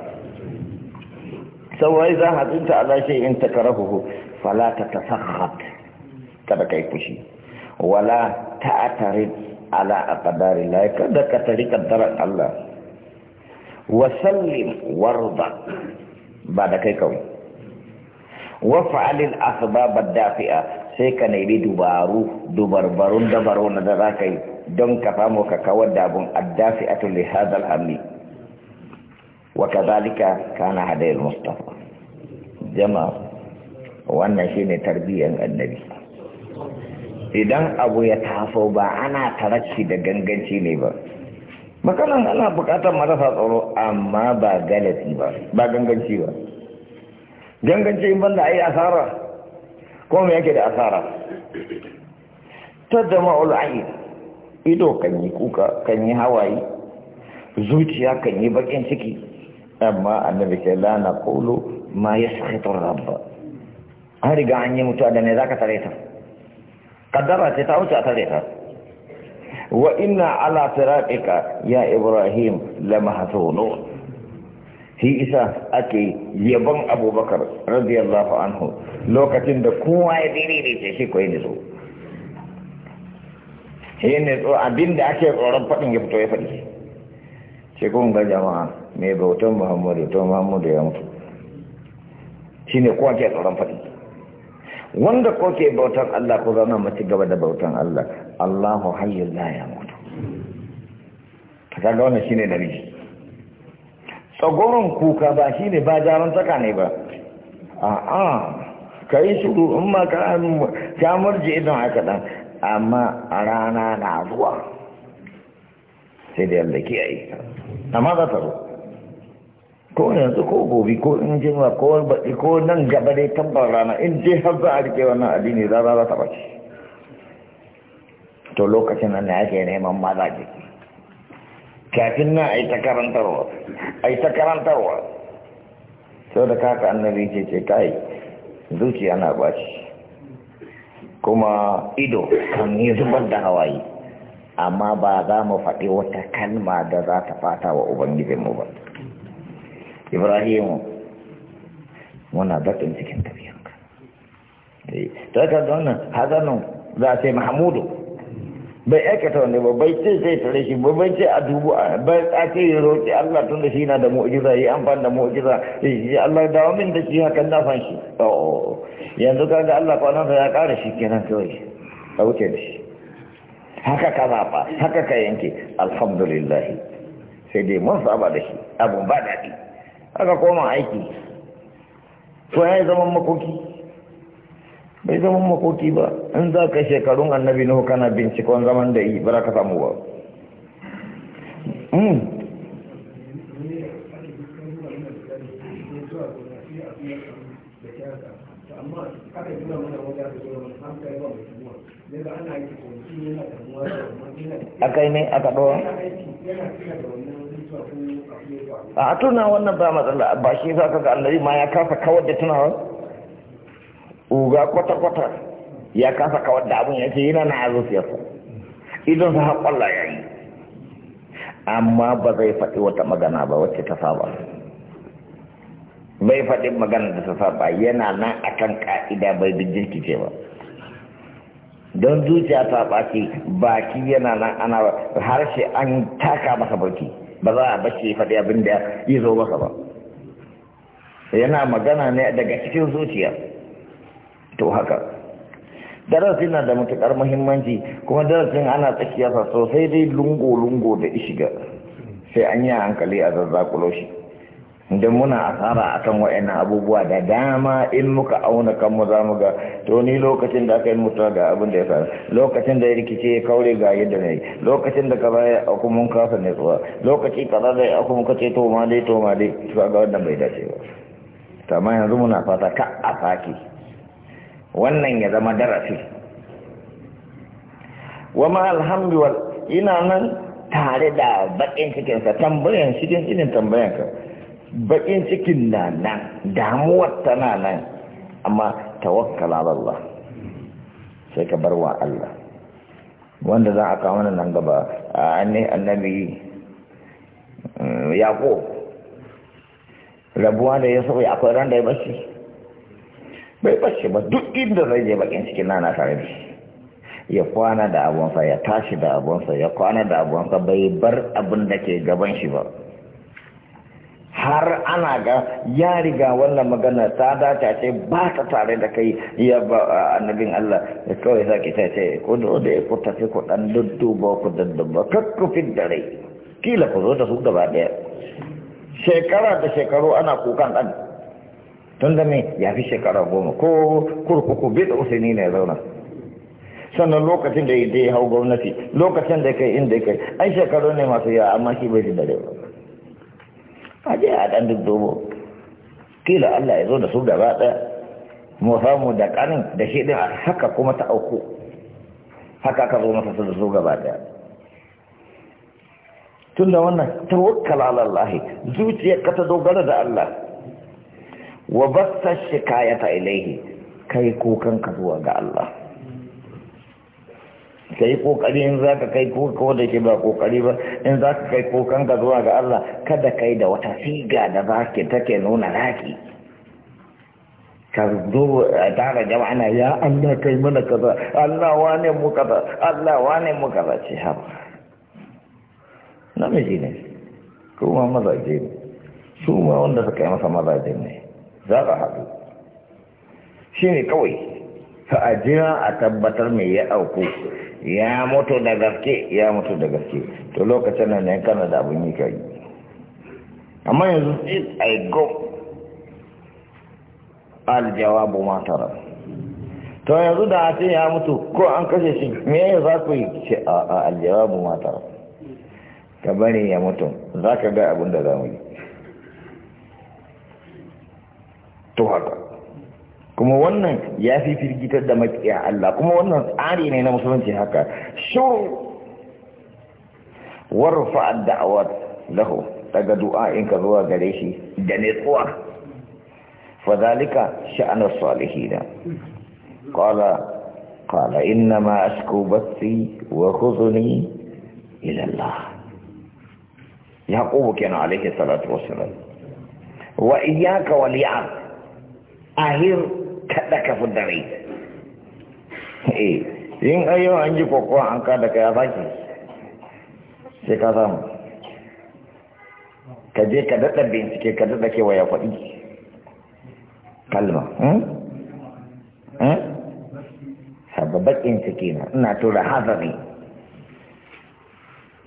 saboda za a tsinta Allah shi in ta karahu fala ta tasakhat kada kai fushi wala تعترض على أقدار الله كذا كتريك الدرع الله وسلم وارضى بعد كيكوي وافعل الأسباب الدافئة سيكا نيلي دبارو دبربرون دبرون دراكي دون كفاموك كوداب الدافئة لهذا الهم وكذلك كان هدي المصطفى جماعة وأن شيني تربية النبي idan abu ya taso ba ana taraki da ganganci ne ba makalan ana bukatar marasa tsaro amma ba galafi ba ba ganganci ba ganganci in banda a yi asara ko me yake da asara ta zama ul'ayi ido kan yi kuka kan yi hawaye zuciya kan yi bakin ciki amma annabi ke lana kolo ma ya sakitar rabba an riga an yi mutuwa da ne za ka tare ta kaddara ce ta wuce a tare ta wa inna ala firaqika ya ibrahim lamahzunun shi isa ake yaban abubakar radiyallahu anhu lokacin da kowa ya ne ce shi koyi ne so shi ne so abin da ake tsoron faɗin ya fito ya faɗi shi kun ga jama'a mai bautan muhammadu to muhammadu ya mutu shi ne kowa ke tsoron faɗi wanda ko ke bautan Allah ko zauna mace gaba da bautan Allah Allahu hayyu la yamut kaga wannan shine nabi tsagoron kuka ba shine ba jaran taka ne ba a'a kai shuru in ma ka ka murji idan aka dan amma a rana na zuwa sai da yalla kiyaye amma za ta zo ko yanzu ko gobe ko in jinwa ko baɗi ko nan gaba dai tabbar rana in dai har za a rike wannan addini za za ta bace to lokacin nan ke neman mazaje kafin nan ai ta karantarwa ai ta karantarwa sau da kaka annabi ce ce kai zuciya na baci kuma ido kan yi zubar da hawaye amma ba za mu faɗi wata kalma da za ta fata wa ubangijinmu ba ibrahimu muna bakin cikin tafiyanka eh, ta ka da wannan hazanin za a ce mahamudu bai aikata wani ba bai ce sai tare shi ba bai ce a dubu bai tsaki ya roƙi Allah tun da shi na da mu'jiza yi amfani da mu'jiza shi Allah dawo min da shi hakan na fan shi oh, yanzu ga Allah kwanansa ya ƙara shi kenan kawai a wuce da shi haka ka zaɓa haka ka yanke alhamdulillah sai dai mun saba da shi abun ba daɗi aka koma aiki to ya yi makoki bai zama makoki ba in za ka shekarun annabi nuhu kana bincikon zaman da yi ba ka samu ba hmm. a kai ne aka ɗora a tuna wannan ba matsala ba shi za ka ga annabi ma ya kasa kawar da tunawa uga kwata-kwata ya kasa kawar da abin yake yana na azufiyarsa idan sa haƙwalla ya yi amma ba zai faɗi wata magana ba wacce ta saba bai faɗi magana da ta saba yana nan akan ƙa'ida bai bijirkice ba don zuciya ta ɓaki baki yana nan ana harshe an taka masa barki ba za a bace faɗi abin da ya zo masa ba yana magana ne daga cikin zuciya to haka darasi na da matuƙar muhimmanci kuma darasin ana tsakiyarsa sosai dai lungo-lungo da ishiga sai an yi hankali a zazzakulo idan muna asara akan wa'ina abubuwa da dama in muka auna kanmu za mu ga toni lokacin da aka yi mutuwa ga abin da ya faru lokacin da ya rikice ya kaure ga yadda na yi lokacin da ka ya aku mun kasa nutsuwa lokaci ka da a kuma muka ce to ma dai to ma dai to ga wannan bai dace ba to amma yanzu muna fata ka a sake wannan ya zama darasi wa ma alhamdu ina nan tare da bakin sa tambayan cikin irin ka. bakin cikin na nan damuwar tana nan amma tawakkala Allah sai ka bar wa Allah wanda za a kawo nan gaba ne annabi mm, yaƙo rabuwa da ya sauya akwai ran da ya bashi bai bashi ba duk inda zai je bakin cikin nana tare da shi ya kwana da abunsa ya tashi da abunsa ya kwana da abunsa bai bar abin da ke gaban shi ba har ana ga ya riga wannan magana ta dace ce ba ta tare da kai ya ba annabin Allah ya kawai za ki ce ko da wanda ya ku sai ku dan dudduba ku dudduba kakkufin da rai kila ku zo ta su gaba daya shekara da shekaru ana kukan dan tun da me ya fi shekara goma ko kurkuku bi da usini ne zauna sannan lokacin da ya hau gwamnati lokacin da kai inda kai ai shekaru ne masu yawa amma shi bai da dare ba a je a ɗan duddubo kila Allah ya zo da su gaba ɗaya mu samu da ƙanin da shi ɗin haka kuma ta auku haka ka zo masa da su gaba ɗaya tun da wannan tawakkal ala Allah zuciyar ka ta dogara da Allah wa basta ta ilaihi kai kukan ka zuwa ga Allah ka yi kokari in za ka kai ko da ke ba kokari ba in za ka kai kokan ka zuwa ga Allah kada kai da wata siga da ba ke take nuna raki ka zo a tara jama'a ya Allah kai mana kaza Allah wane mu kaza Allah wane mu kaza ce ha namiji ne kuma mazaje ne su ma wanda suka yi masa mazaje ne za ka haɗu shi ne kawai fa a jira a tabbatar mai ya auku ya mutu da gaske ya mutu da gaske to lokacin nan ne kana da abin yi kai amma yanzu if i go al jawabu ma tara to yanzu da a ce ya mutu ko an kashe shi me ya za ku yi ce a al jawabu ma tara ka bari ya mutu za ka ga abin da za mu yi to haka kuma wannan ya fi firgitar da makiya Allah kuma wannan tsari ne na musulunci haka shuru warfa da'awat lahu daga du'a in ka zuwa gare shi da netsuwa fa zalika sha'anus salihin qala قال إنما أشكو بثي وخذني إلى الله يعقوب كان عليه الصلاة wa وإياك واليعق أهر kada ka fi dare eh yin ayyau an ji kokowa an kada ka ya baki sai ka samu ka je ka daɗa bincike ka daɗa kewa ya faɗi kalma hmm? hmm? sabba bakin ciki na ina tura hazari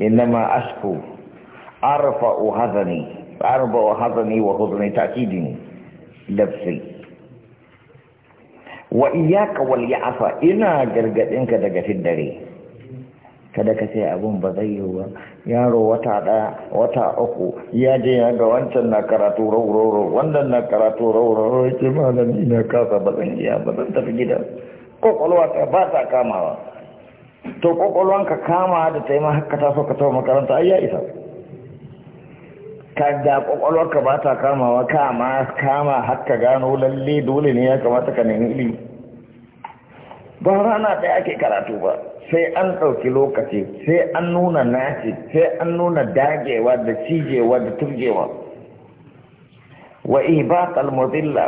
ma ashku arfa'u hazari, arba'u hazari wa huzni ta'kidini nafsi wa kawal wal afa ina gargadinka daga dare. kada ka sai abun ba zai yi ba yaro wata ɗaya wata uku ya je ya ga wancan na karatu rauraro wannan na karatu rauraro ya ce malami na kasa ba zan iya ba zan tafi gida kwakwalwa ta ba ta kamawa to ka kama da taimaka, ka ma ta so ka tafi makaranta ai ya isa ka da ka ba ta kamawa kama kama har ka gano lalle dole ne ya kamata ka nemi ilimi ba rana ɗaya ake karatu ba sai an ɗauki lokaci sai an nuna naci sai an nuna dagewa da cijewa da turgewa wa ibat al-mudilla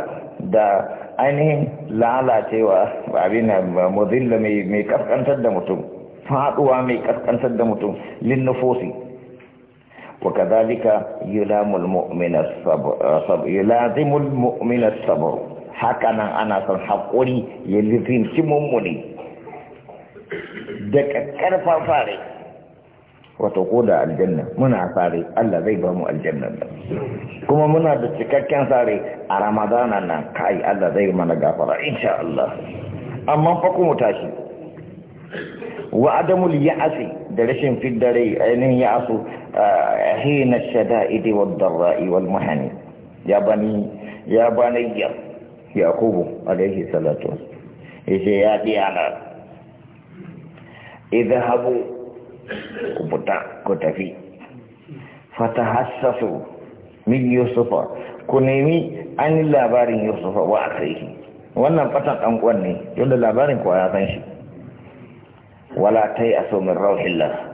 da ainihin lalacewa ba abin mudilla mai kaskantar da mutum faduwa mai kaskantar da mutum lin وكذلك يلام المؤمن الصبر, يلازم المؤمن الصبر هكذا أنا يلي فين سمموني دك كرفا فاري وتقول الجنة منا فاري ألا ذي بهم الجنة كما منا بسككين فاري رمضان أنا كاي ألا ذي من نقافر إن شاء الله أما فكم تاشي وعدم اليأسي da rashin fiddare ainihin ya asu eh, hina shada'idi wad darra'i iwal muhani ya bani ya banayya yaqubu alaihi salatu ya ce ya diyana idhabu kubuta ku tafi fatahassasu min yusufa ku nemi an labarin yusufa wa akhihi wannan fatan dan ne yadda labarin kuwa ya san shi wala ta yi so min rauhillah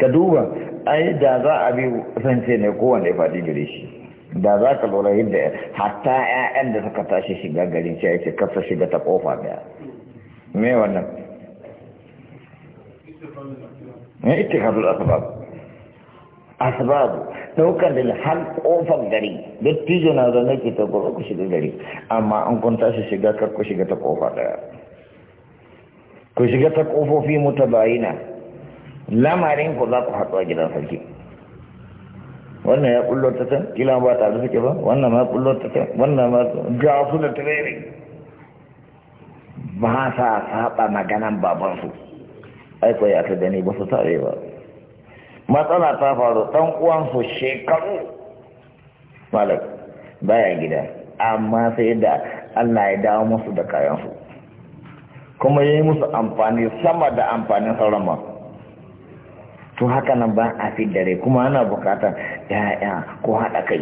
ka duba ai da za a bi zance ne kowane fadi gare shi da za ka lura yadda hatta ƴaƴan da suka tashi shiga garin shi ake kasa shiga ta kofa daya me wannan ne ita ka kafin asbab asbab daukar da har kofar gari tijo na zane ke ta gobe ku shiga gari amma an kun tashi shiga kar ku shiga ta kofa daya ku shiga ta kofofi ƙofofi bayina lamarin ku za ku haɗu a gidan sarki wannan ya kullo ta can kila ba ta suke ba wannan ma kullo ta can wannan ma ga su da tirere ba sa saba maganan babansu ko ya ta ni ba su tare ba matsala ta faru ɗan uwansu shekaru malak baya gida amma sai da Allah ya dawo musu da kayansu kuma ya yi musu amfani sama da amfanin sauran to haka nan ba a fi dare kuma ana bukatar ya'ya ko haɗa kai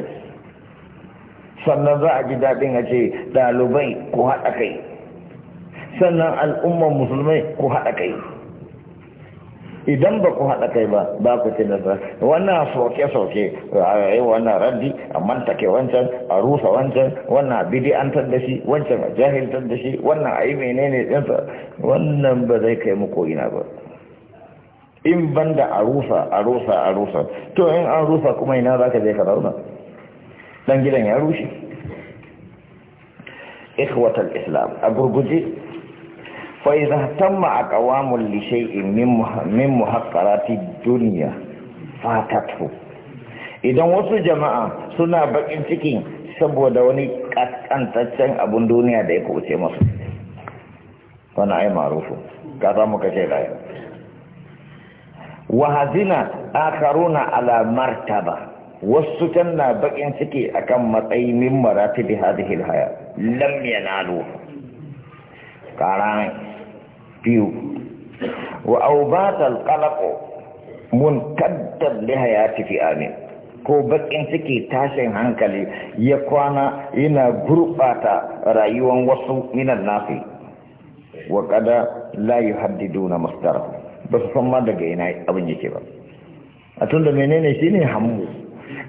sannan za a ji daɗin a ce ɗalibai ko haɗa kai sannan al'ummar musulmai ko haɗa kai idan ba ku haɗa kai ba ba ku ci nasara wannan soke-soke a yi wannan raddi a mantake wancan a rusa wancan wannan bidi'antar da shi wancan a jahil da shi wannan a yi menene ɗinsa wannan ba zai kai mu ko'ina ba in ban da a rusa a rusa a rusa to in an rusa kuma ina za ka je ka zauna dan gidan ya rushe ikhwatal islam a gurguje فإذا mu أقوام min من محقرات الدنيا فاتته idan wasu jama'a suna bakin cikin saboda wani kaskantaccen abun duniya da ya kuce masu wani ai marufu ka samu wahazina akaruna ala martaba wasu tana baƙin bakin ciki akan matsayi min maratibi hadhihi alhaya lam yanaluhu ƙara biyu wa al qalaqu muntaddar li hayati fi amin ko bakin ciki tashin hankali ya kwana ina gurɓata rayuwar wasu minan nafi wa kada la yuhaddiduna masdarahu ba su san ma daga ina abin yake ba a tun da menene shine hammu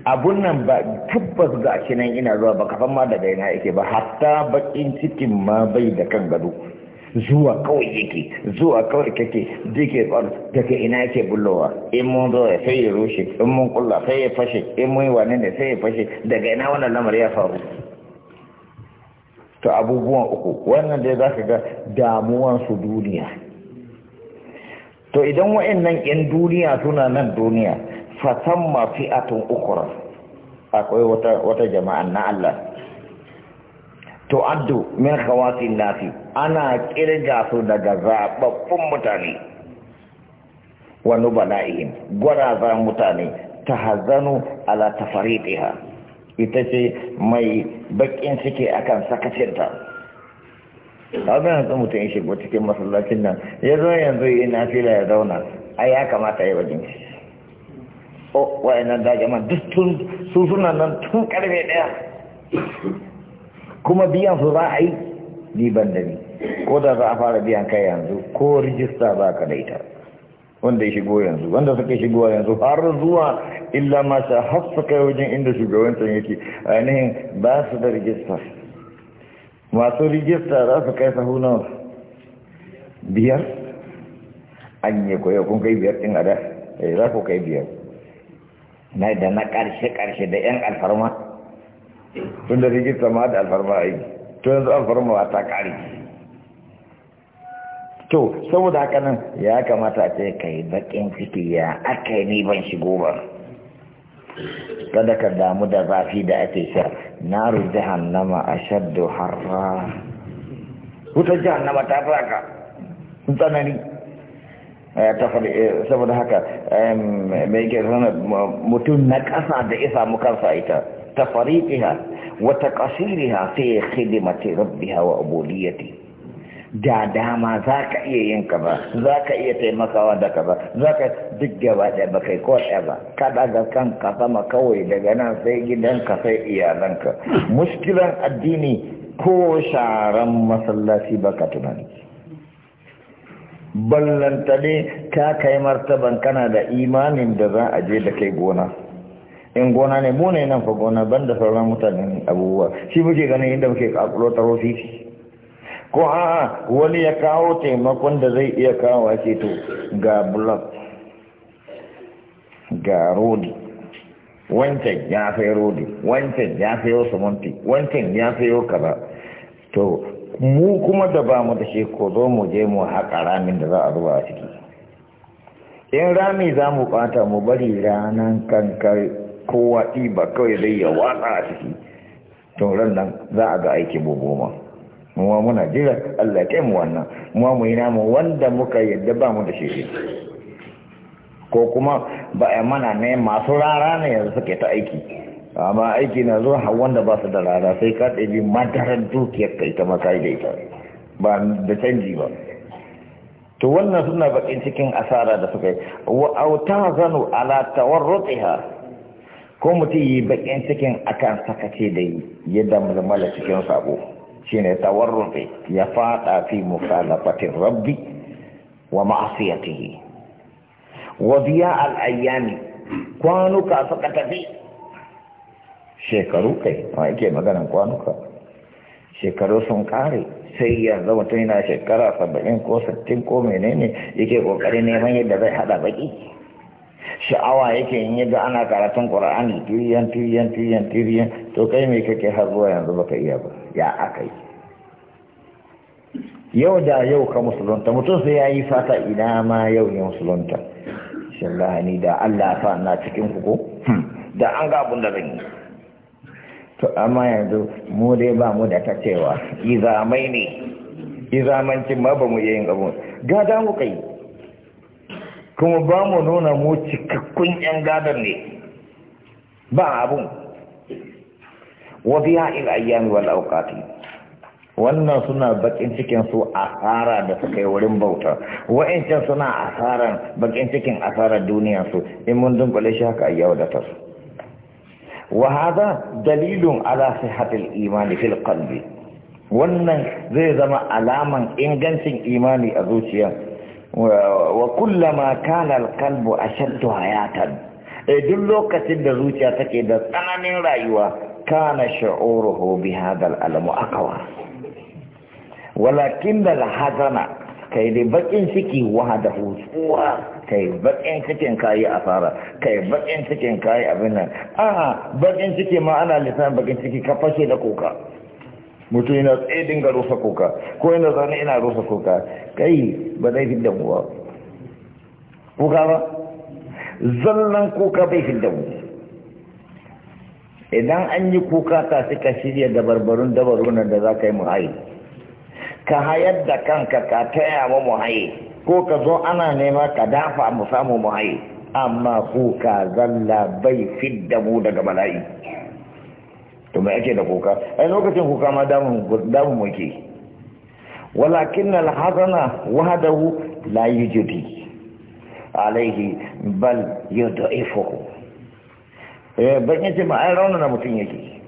abun nan ba tabbas ga shi nan ina zuwa ba kafan ma daga ina yake ba hatta bakin cikin ma bai da kan gado zuwa kawai yake zuwa kawai kake dike ɓar daga ina yake bullowa in mun zo ya sai ya rushe in mun kulla sai ya fashe in mun yi wane ne sai ya fashe daga ina wannan lamar ya faru to abubuwan uku wannan dai za ka ga damuwan su duniya to idan wa'annan yan duniya suna nan duniya fasamma fi'atun ukura akwai wata jama'a na Allah tu'addu min khawatin nasi ana kirga su daga zababbun mutane wa nubala'ihim gwarazan mutane tahazzanu ala tafaritiha ita ce mai bakin ciki akan sakacinta abin yanzu mutum ya shigo cikin masallacin nan ya yanzu yi na fila ya zauna a ya kamata ya wajen shi o da jama'a duk sun suna nan tun karfe daya kuma biyan su za a yi ni ban da ni ko da za a fara biyan kai yanzu ko rijista za ka da ita wanda ya shigo yanzu wanda suka shigo yanzu har zuwa illa ma sha har su kai wajen inda shugabancin yake ainihin ba su da rijista masu rijista za su kai sahu biyar an yi koyo kun kai biyar ɗin a da eh, za ku kai biyar na da na ƙarshe-ƙarshe da 'yan alfarma tun da rigita ma da alfarma a yi tun yanzu alfarma ba ta ƙari to saboda haka nan ya kamata a ce ka yi baƙin ciki ya aka yi ni ban shigo ba kada ka damu da zafi da ake sha rufe hannama a shaddu harra wutar jahannama ta fi haka tsanani eh, eh, saboda haka mai mutum na ƙasa da isa mu kansa ita تفريقها وتقصيرها في خدمة ربها وعبوديته da dama za ka iya yin ka ba za ka iya taimakawa da ka ba za ka duk ba kai ko ɗaya ba ka daga kanka sama kawai daga nan sai gidanka sai iyalanka muskilan addini ko sharan masallaci ba tunani ballantane ka kai martaban kana da imanin da za a je da kai gona in gona ne mu ne nan fa gona ban da sauran mutanen abubuwa shi muke ganin inda muke kakulo taro ko a wani ya kawo taimakon da zai iya kawo a to ga blok ga rodi wancan ya sayo rodi wancan ya sayo sumunti wancan ya sayo kaza to mu kuma da ba mu da shi ko zo mu je mu haƙa ramin da za a zuba a ciki in rami za mu ɓata mu bari ranar kankare kowa ɗiba kawai zai yi watsa a ciki to nan za a ga aiki boboma muwa muna jira Allah mu wannan muwa mu yi namu wanda muka yadda ba mu da shi ko kuma ba a mana ne masu rara ne yanzu suke ta aiki amma aiki na zuwa har wanda ba su da rara sai ka ɗabi madarar dukiyar kai ta makai da ita ba da canji ba to wannan suna bakin cikin asara da suka yi wa autazanu ala tawarrutiha ko mutum yi bakin cikin akan sakace da yi ya damlamala cikin sabo shine tawarrufi ya fada fi mukhalafatin rabbi wa ma'asiyatihi wa biya al kwanuka suka tafi shekaru kai ma yake maganan kwanuka shekaru sun kare sai yanzu mutum yana shekara saba'in ko sittin ko menene yake kokarin neman yadda zai hada baki sha'awa yake in yaga ana karatun qur'ani tiriyan tiriyan tiriyan tiriyan to kai mai kake har zuwa yanzu baka iya ba ya yi yau da yau ka musulunta mutum sai ya yi fata ina ma yau ne musulunta shallah da Allah fa na cikin kuku hmm, da an ga abun da zan yi to amma yanzu mu dai ba mu da ta cewa izamai ne izamancin ma ba mu iya yin abun gada mu kai kuma ba mu nuna mu cikakkun 'yan gadon ne ba abun wafi ha'il ayyami wal auqati wannan suna bakin cikin su asara da suka yi wurin bauta wa'ancan suna asaran bakin cikin asarar duniya su in mun dunkule shi haka ayyau da ta su wa hada dalilun ala sihatil imani fil qalbi wannan zai zama alaman ingancin imani a zuciya wa kullama kana alqalbu ashaddu hayatan eh duk lokacin da zuciya take da tsananin rayuwa kana shu'uruhu bi hadha al'alam aqwa walakin da hazana kai da bakin ciki da huwa kai bakin cikin kayi fara kai bakin cikin kayi abin nan a bakin ciki ma ana lisan bakin ciki ka fashe da kuka mutum yana tsaye dinga rusa kuka ko yana zaune ina rusa kuka kai ba zai fidda mu ba kuka ba zallan kuka bai fidda mu idan an yi kuka ta ka shirya dabarbarun dabarunan da za ka yi muhayi ka hayar da kanka ka taya wa muhayi ko ka zo ana nema ka dafa mu samu muhayi amma kuka zalla bai fidda mu daga bala'i to mai ake da kuka ai lokacin kuka ma damun muke walakin na alhazana wahadahu la yujdi alaihi bal yud'ifuhu eh ban yace ma ai raunana mutum yake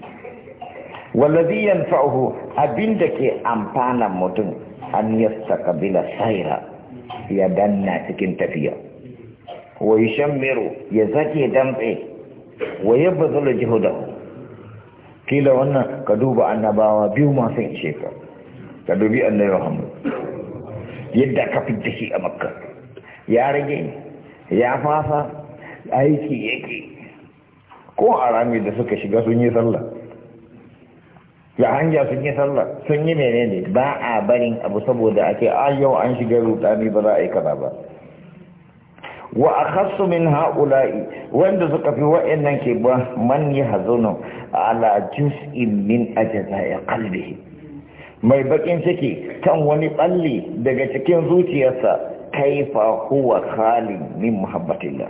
wallazi yanfa'uhu abinda ke amfana mutum an kabila saira ya danna cikin tafiya wa yushammiru ya zake damtse wa yabdhulu juhudahu kila wannan ka duba annabawa biyu masu yin ka ka dubi annabi muhammad yadda ka fidda shi a makka ya rage ya fasa aiki yake ko a rami da suka shiga sun yi sallah ya hanya sun yi sallah sun yi menene ba a barin abu saboda ake a an shiga rutani ba za a yi kaza ba wa akhassu min haula'i wanda suka fi wa'annan ke ba man hazunan ala juz'in min ya qalbihi mai bakin ciki kan wani balli daga cikin zuciyarsa kaifa huwa khali min muhabbatillah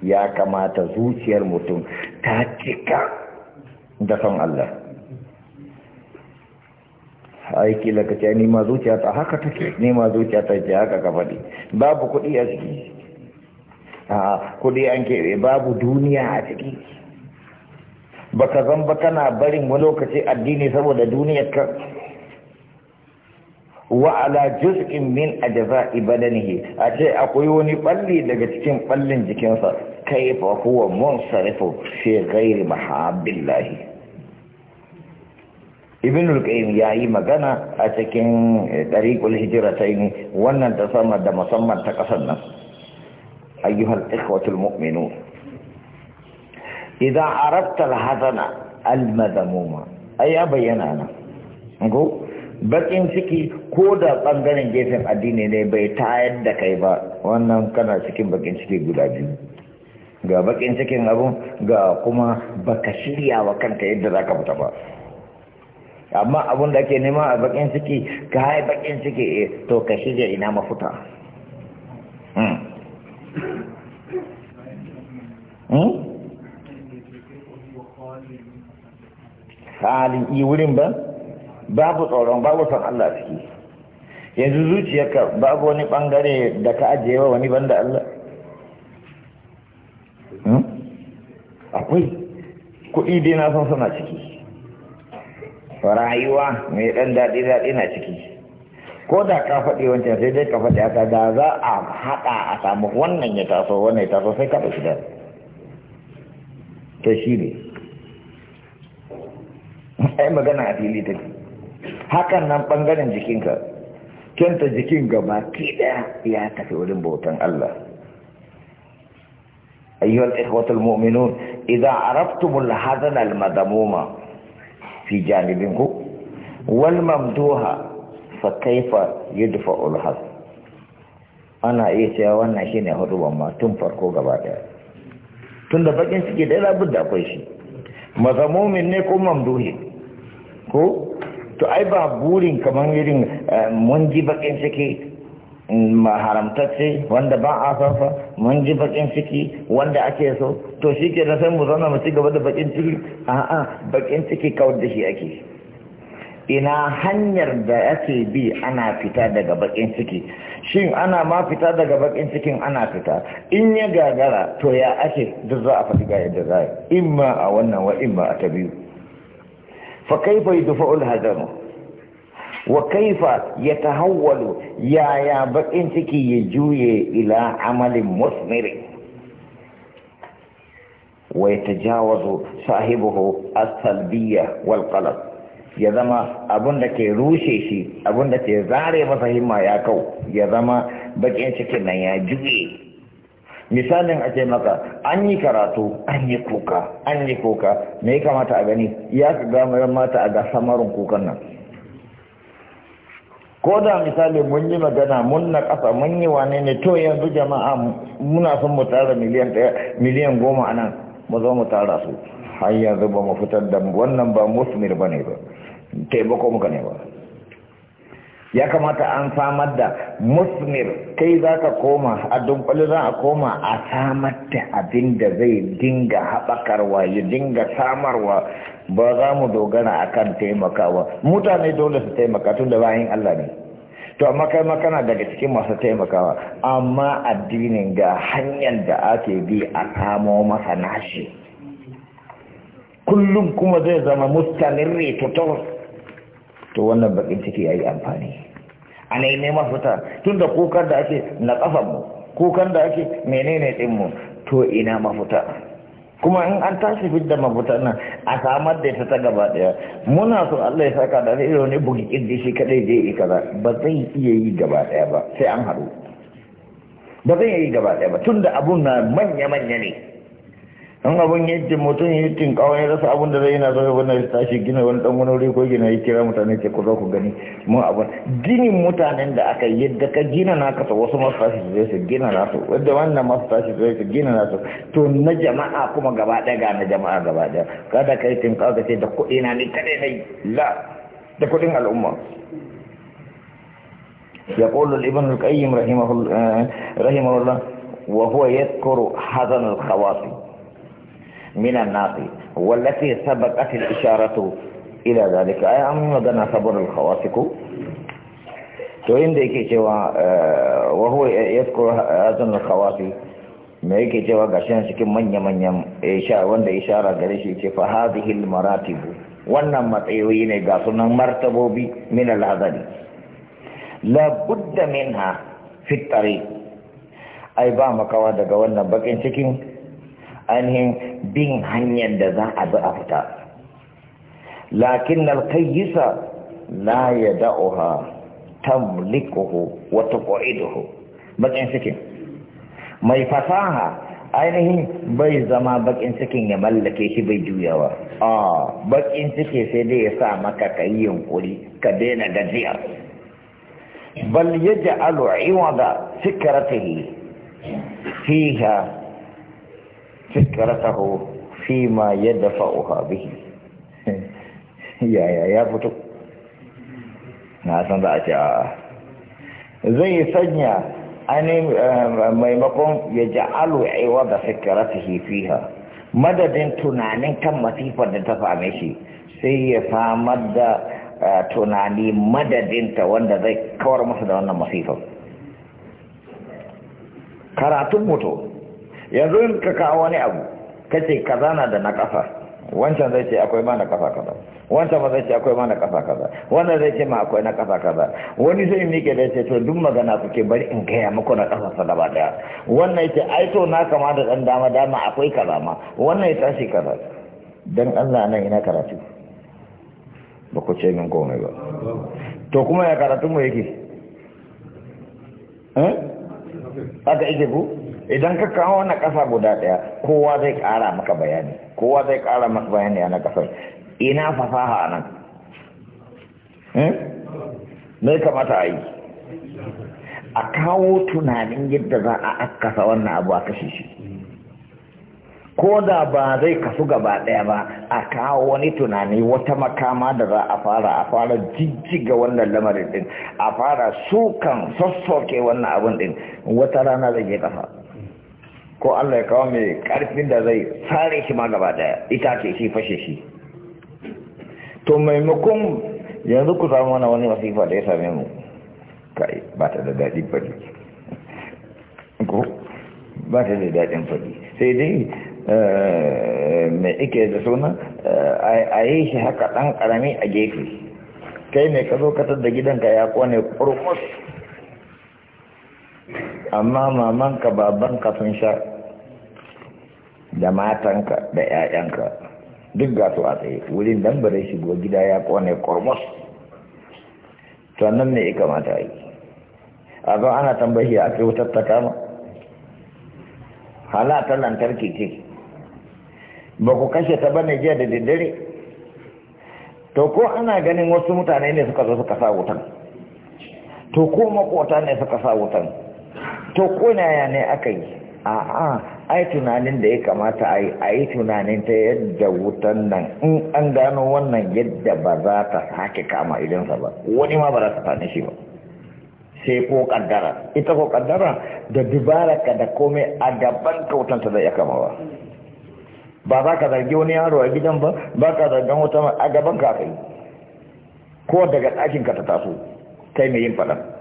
ya kamata zuciyar mutum ta cika da son Allah aiki lakace ni ma zuciya ta haka take ni ma zuciya ta ji haka ka faɗi babu kuɗi a ciki kudi an keɓe babu duniya a ciki baka zan ba kana barin wani lokaci addini saboda duniyar ka wa ala juz'in min ajza'i badanihi a ce akwai wani balli daga cikin ballin jikinsa kai fa huwa munsarifu fi ghairi mahabbillahi ibn al-qayyim yayi magana a cikin tariqul hijratain wannan ta sama da musamman ta kasar nan أيها الإخوة المؤمنون إذا عرفت الحزن المذموم أي أنا نقول bakin ciki ko da ɓangaren gefen addini ne bai tayar da kai ba wannan kana cikin bakin ciki guda biyu ga bakin cikin abun ga kuma baka shirya wa kanka yadda za ka fita ba amma abun da ake nema a bakin ciki ka haifakin ciki to ka shirya ina mafuta Hmm? halin yi wurin ba babu tsoron babu san Allah ciki yanzu zuciyarka babu wani bangare da ka ajiye wa wani banda Allah hmm? akwai kuɗi dai na san suna ciki rayuwa mai ɗan daɗi daɗi na ciki ko da ka faɗi wancan sai dai ka faɗi haka da za a haɗa a samu wannan ya taso wannan ya taso sai ka ɗauki daɗi ta shi ne ai magana a fili ta hakan nan ɓangaren jikinka Kanta jikin gaba kida ya tafi wurin bautan Allah ayyuhal ikhwatul mu'minun idza araftumul hadan al madamuma fi janibinku wal mamduha fa kaifa yudfa'ul had ana iya cewa wannan shine hudubar ma tun farko gaba daya tunda bakin ciki da rabu da akwai shi mazamumin ne ko mamduhi ko to ai ba burin kamar irin eh, mun ji bakin ciki mm, haramtacce wanda ba a sanfa mun ji bakin ciki wanda ake so to shi ke na sai mu zauna mu ci gaba da bakin ciki a'a bakin ciki kawar da shi ake ina hanyar da ake bi ana fita daga bakin ciki shin ana ma fita daga bakin cikin ana fita in ya gagara to ya ake duk za a fadi ga yadda za a imma a wannan wa imma a ta biyu fa kaifa yudfa'ul hazamu wa kaifa yatahawwalu yaya bakin ciki ya juye ila amalin musmiri wa yatajawazu sahibuhu as-salbiyya wal qalb ya zama abin da ke rushe shi abin da ke zare masa himma ya kau ya zama bakin cikin nan ya juye misalin a ce maka an yi karatu an yi kuka an yi kuka me ya kamata a gani ya ka gama gamarin mata a ga samarin kukan nan ko da misali mun yi magana mun na ƙasa mun yi wane ne to yanzu jama'a muna son mu tara miliyan ɗaya miliyan goma a nan mu zo mu tara su har yanzu ba mu fitar da wannan ba musulmi ba ne ba taimako muka nema ya kamata an samar da musmir kai za ka koma a dunkuli za a koma a samar da abin da zai dinga haɓakarwa ya dinga samarwa ba za mu dogara a kan taimakawa mutane dole su taimaka tun da bayan Allah ne to amma kai makana daga cikin masu taimakawa amma addinin ga hanyar da ake bi a samo masa nashi kullum kuma zai zama mustamirri tutur to wannan bakin ciki yayi amfani a ne mafita tun da kukan da ake na mu kukan da ake menene ɗinmu to ina mafita kuma in an tashi da mafita nan a samar da ta gaba ɗaya muna so Allah ya saka da zai ne bugi kirji shi kadai zai yi kaza ba zai iya yi gaba ɗaya ba sai an haɗu ba zai iya yi gaba ɗaya ba Tunda abun na manya-manya ne in abin yadda mutum ya yi tinkawa ya rasa abin da zai yana zai wannan tashi gina wani dan wani wuri ko gina ya kira mutane ke ku zo ku gani mun abin ginin mutanen da aka yadda ka gina na kasa wasu masu tashi su zai su gina nasu wadda wannan masu tashi su zai su gina nasu to na jama'a kuma gaba ɗaya ga na jama'a gaba ɗaya kada ka yi tinkawa ka ce da kuɗi na ni kaɗai na la da kuɗin al'umma يقول ابن القيم رحمه الله وهو يذكر حزن الخواصي من الناس والتي سبقت الإشارة إلى ذلك أي أم مدنا صبر الخواتك to inda yake cewa wa huwa yadhkuru azan al-khawati me yake cewa gashin cikin manya-manyan sha wanda ishara gare shi ce fa hadhihi al-maratib wannan matsayoyi ne ga sunan martabobi min al-hadari la budda minha fi tariq ai ba makawa daga wannan bakin cikin ainihin bin hanyar da za a bi a fita lakin alkayyisa la ya da'uha tamlikuhu wa tuqiduhu bakin cikin mai fasaha ainihin bai zama bakin cikin ya mallake shi bai juyawa a bakin ciki sai dai ya sa maka ka yi yunkuri ka daina gajiya bal yaj'alu iwada fikratihi fiha fikratahu fi ma yadfa'uha bihi ya ya ya fito na san za a ce a zai sanya ainihin eh, maimakon ya ja'alu aiwa da fi ha, madadin tunanin kan masifar da ta same shi sai ya samar da eh, tunani madadinta wanda zai kawar masa da wannan masifar karatun mutu yanzu ka kawo wani abu kace kaza na da na kafa wancan zai ce akwai ma na kafa kaza wancan ma zai ce akwai ma na kafa kaza wannan zai ce ma akwai na kafa kaza wani zai mike da ce to duk magana kuke bari in gaya muku na kafa sa gaba daya wannan ce ai to na kama da dan dama dama akwai kaza ma wannan ya tashi kaza dan Allah nan ina karatu ba ku ce min komai ba to kuma ya karatu mu yake eh aka ike ku idan ka kawo na ƙasa guda ɗaya kowa zai ƙara maka bayani kowa zai ƙara maka bayani a na ƙasar ina fasaha nan hmm? Me kamata a yi a kawo tunanin yadda za a akasa wannan abu a kashe shi ko da ba zai kasu gaba ɗaya ba a kawo wani tunani wata makama da za a fara a fara jijjiga wannan lamarin din a fara sukan sassoke wannan abin din wata rana zai je kafa ko Allah ya kawo mai karfin da zai sare shi ma gaba daya ita ce shi fashe shi to maimakon yanzu ku samu wani wani masifa da ya same mu kai ba ta da daɗin fadi ko ba ta da daɗin fadi sai dai eh, mai ike da suna eh, a yi shi haka ɗan ƙarami a gefe kai ne ka zo katar da gidanka ya kone ƙurmus amma mamanka babanka sun sha da matanka da 'ya'yanka duk ga su a tsaye wurin dan bare shigo gida ya kone kormos to nan ne ya kamata yi a zo ana tambayi a kai wutar ta kama halatar lantarki ce ba ku kashe ta bane jiya da daddare to ko ana ganin wasu mutane ne suka zo suka sa wutan to ko makota ne suka sa wutan to ya ne aka yi a'a ai tunanin da ya kamata a yi a yi tunanin ta yadda wutan nan in an gano wannan yadda ba za ta sake kama idansa ba wani ma ba za ta sani shi ba sai ko kaddara ita ko kaddara da ka da komai a gaban ta zai ya kama ba ba za ka zargi wani yaro a gidan ba ba ka zargan wata a gaban ka kai ko daga ɗakin ka ta taso kai mai yin faɗan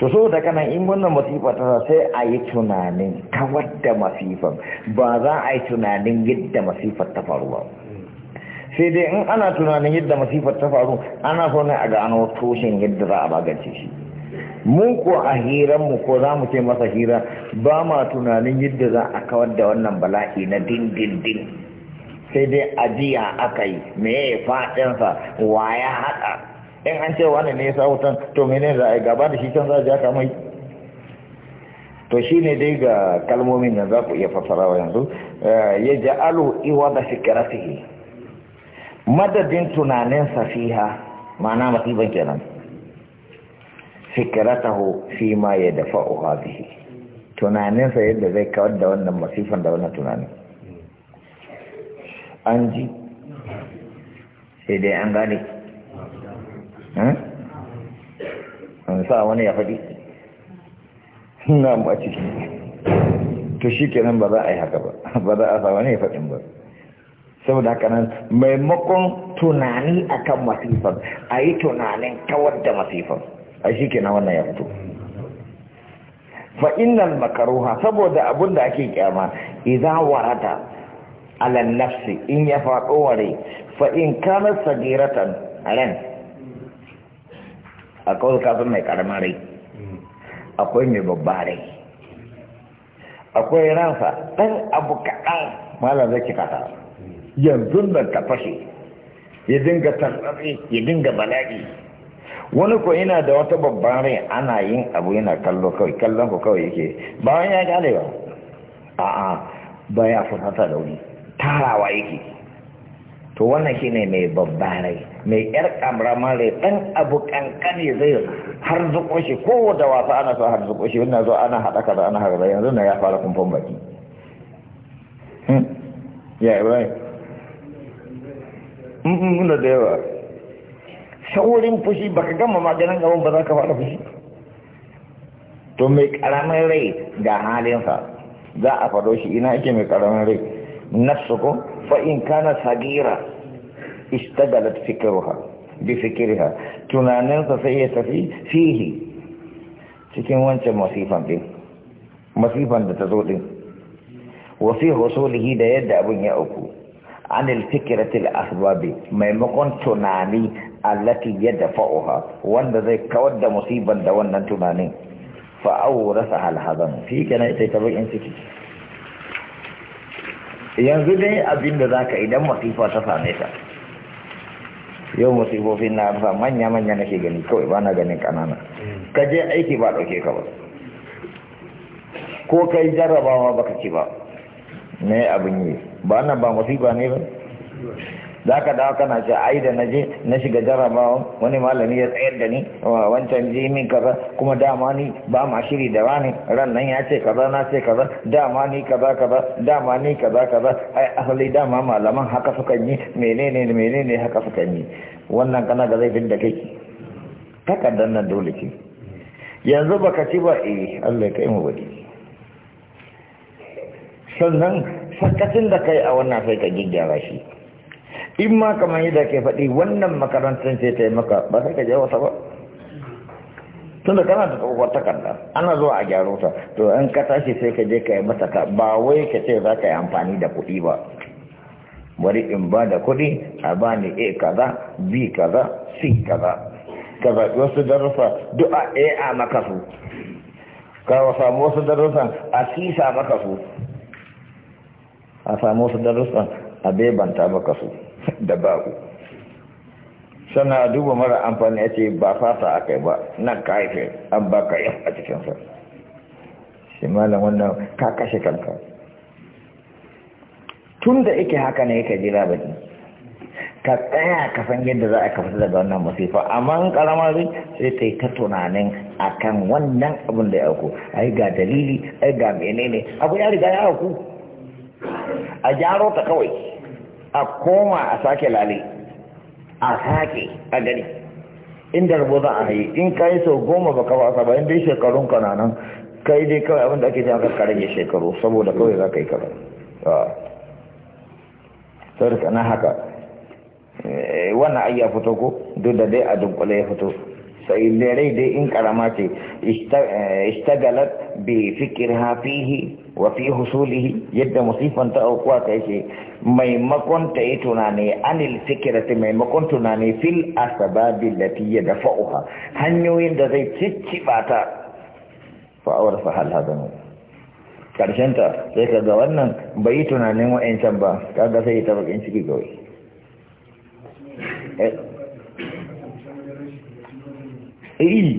to so da kana in wannan masifa ta sai a yi tunanin kawar da masifan ba za a yi tunanin yadda masifar ta faru ba sai dai in ana tunanin yadda masifar ta faru ana so ne a ga gano tushen yadda za a magance shi mun ko a hiran mu ko za mu ce masa hira ba ma tunanin yadda za a kawar da wannan bala'i na dindindin sai dai ajiya aka yi me ya faɗinsa wa ya haɗa in an ce wani ne ya sa hutun to mene za a yi gaba da shi can za a ja mai? to shi ne dai ga kalmomin da za ku iya fassarawa yanzu eh, ya ja'alu iwa da fiye madadin tunanin safiha ma'ana masiban kenan taho fi ma ya dafa uwa bihi tunaninsa yadda zai kawar da wannan masifan da wannan tunanin an ji sai dai an gane Hmm? an sa wani ya faɗi na mu a ciki to shi kenan ba za a yi haka ba ba za a sa wani ya faɗin ba saboda haka nan maimakon tunani akan masifar a yi tunanin kawar da masifar a shi kenan wannan ya fito fa'innan makaruha saboda abin da ake kyama idan warata alan nafsi in ya faɗo ware fa'in kanar sagiratan ren. akwai kafin mai karamin rai akwai mai babba rai akwai ransa ɗan abu kaɗan malam zai kika ta yanzu nan ta fashe ya dinga tartsatsi ya dinga bala'i wani ko yana da wata babban rai ana yin abu yana kallo kawai kallon ku kawai yake ba wani ya gane ba a ba ya fusata da wuri tarawa yake to wannan ne mai babban rai mai yar kamra mare dan abu kankane zai har shi ko da wasa ana so har shi wannan zo ana hada kaza ana hada yanzu na ya fara kumfan baki hmm. ya bai hmm, hmm, muna da yawa saurin fushi baka gama maganin gaban ba za ka fara fushi to mai karamin rai ga halinsa za a faɗo shi ina ake mai karamin rai nafsu ko fa in kana sagira اشتغلت فكرها بفكرها تنانين فهي تفي فيه تكون وانت مصيفا به مصيفا تتزول وفي حصوله ده يد أبن يأكو عن الفكرة الأسباب ما يمكن تناني التي يدفعها وان ذي كود مصيبا ده وان تناني فأورثها الحضن في كان يتبقى انسكي yanzu dai abin da za ka idan masifa ta same ta yau musibofin na arsa manya-manya nake gani kawai ba na ganin kanana hmm. ka je aiki ba ɗauke ka ba ko kai jarrabawa baka ci ba ne abin yi ba na ba musiba ne ba za ka dawo kana ce ai da naje na shiga jarabawan wani malami ya tsayar da ni wancan ji min kaza kuma dama ni ba ma shiri da wani ran nan ya ce kaza na ce kaza dama ni kaza kaza dama ni kaza kaza ai ahli dama malaman haka suka yi menene menene haka suka yi wannan kana ga zai da kai takardar nan dole ce yanzu baka ci ba eh Allah ya kai mu wadi sannan sakacin da kai a wannan sai ka gyaggyara shi in ma kamar yadda ke faɗi wannan makarantar ce ta yi maka ba sai ka je wata ba tunda kana da tsohuwar takarda ana zuwa a gyaro ta to in ka tashi sai ka je ka yi mata ka ba wai ka ce za ka yi amfani da kuɗi ba bari in ba da kuɗi a ba ni a kaza b kaza c kaza ka zaɓi wasu darussa duk a a maka su ka samu wasu darussan a sisa maka su a samu wasu darussan a bebanta maka su da babu sana duba mara amfani ya ce ba fata aka yi ba nan ka haife an ba ka yi a cikinsa shi malam wannan ka kashe kanka tun da ike haka ne yake jira ba ne ka tsaya ka san yadda za a kafa daga wannan masifa amma karama zai sai ta yi ta tunanin a kan wannan abin da ya auku ai ga dalili ai ga menene abu ya riga ya auku a gyaro ta kawai a koma a sake lale a sake a gani inda rubo za a yi in ka yi sau goma baka ba in dai shekarun ka na kai dai kawai abinda ake cewa ka rage shekaru saboda kawai za ka yi kawai sau da na haka eh, wannan ai ya fito ko duk da dai a dunkule ya fito sai rai dai in karama ce istagalat bi fikirha fihi wa fi husulihi yadda musifan ta aukuwa ta yake maimakon ta yi tunani anil fikirati maimakon tunani fil asababi lati ya dafa hanyoyin da zai cicciba ta fa'awar fahal hadanu karshenta sai ka ga wannan bai yi tunanin wa'ancan ba kaga sai ta bakin ciki kawai eh. eh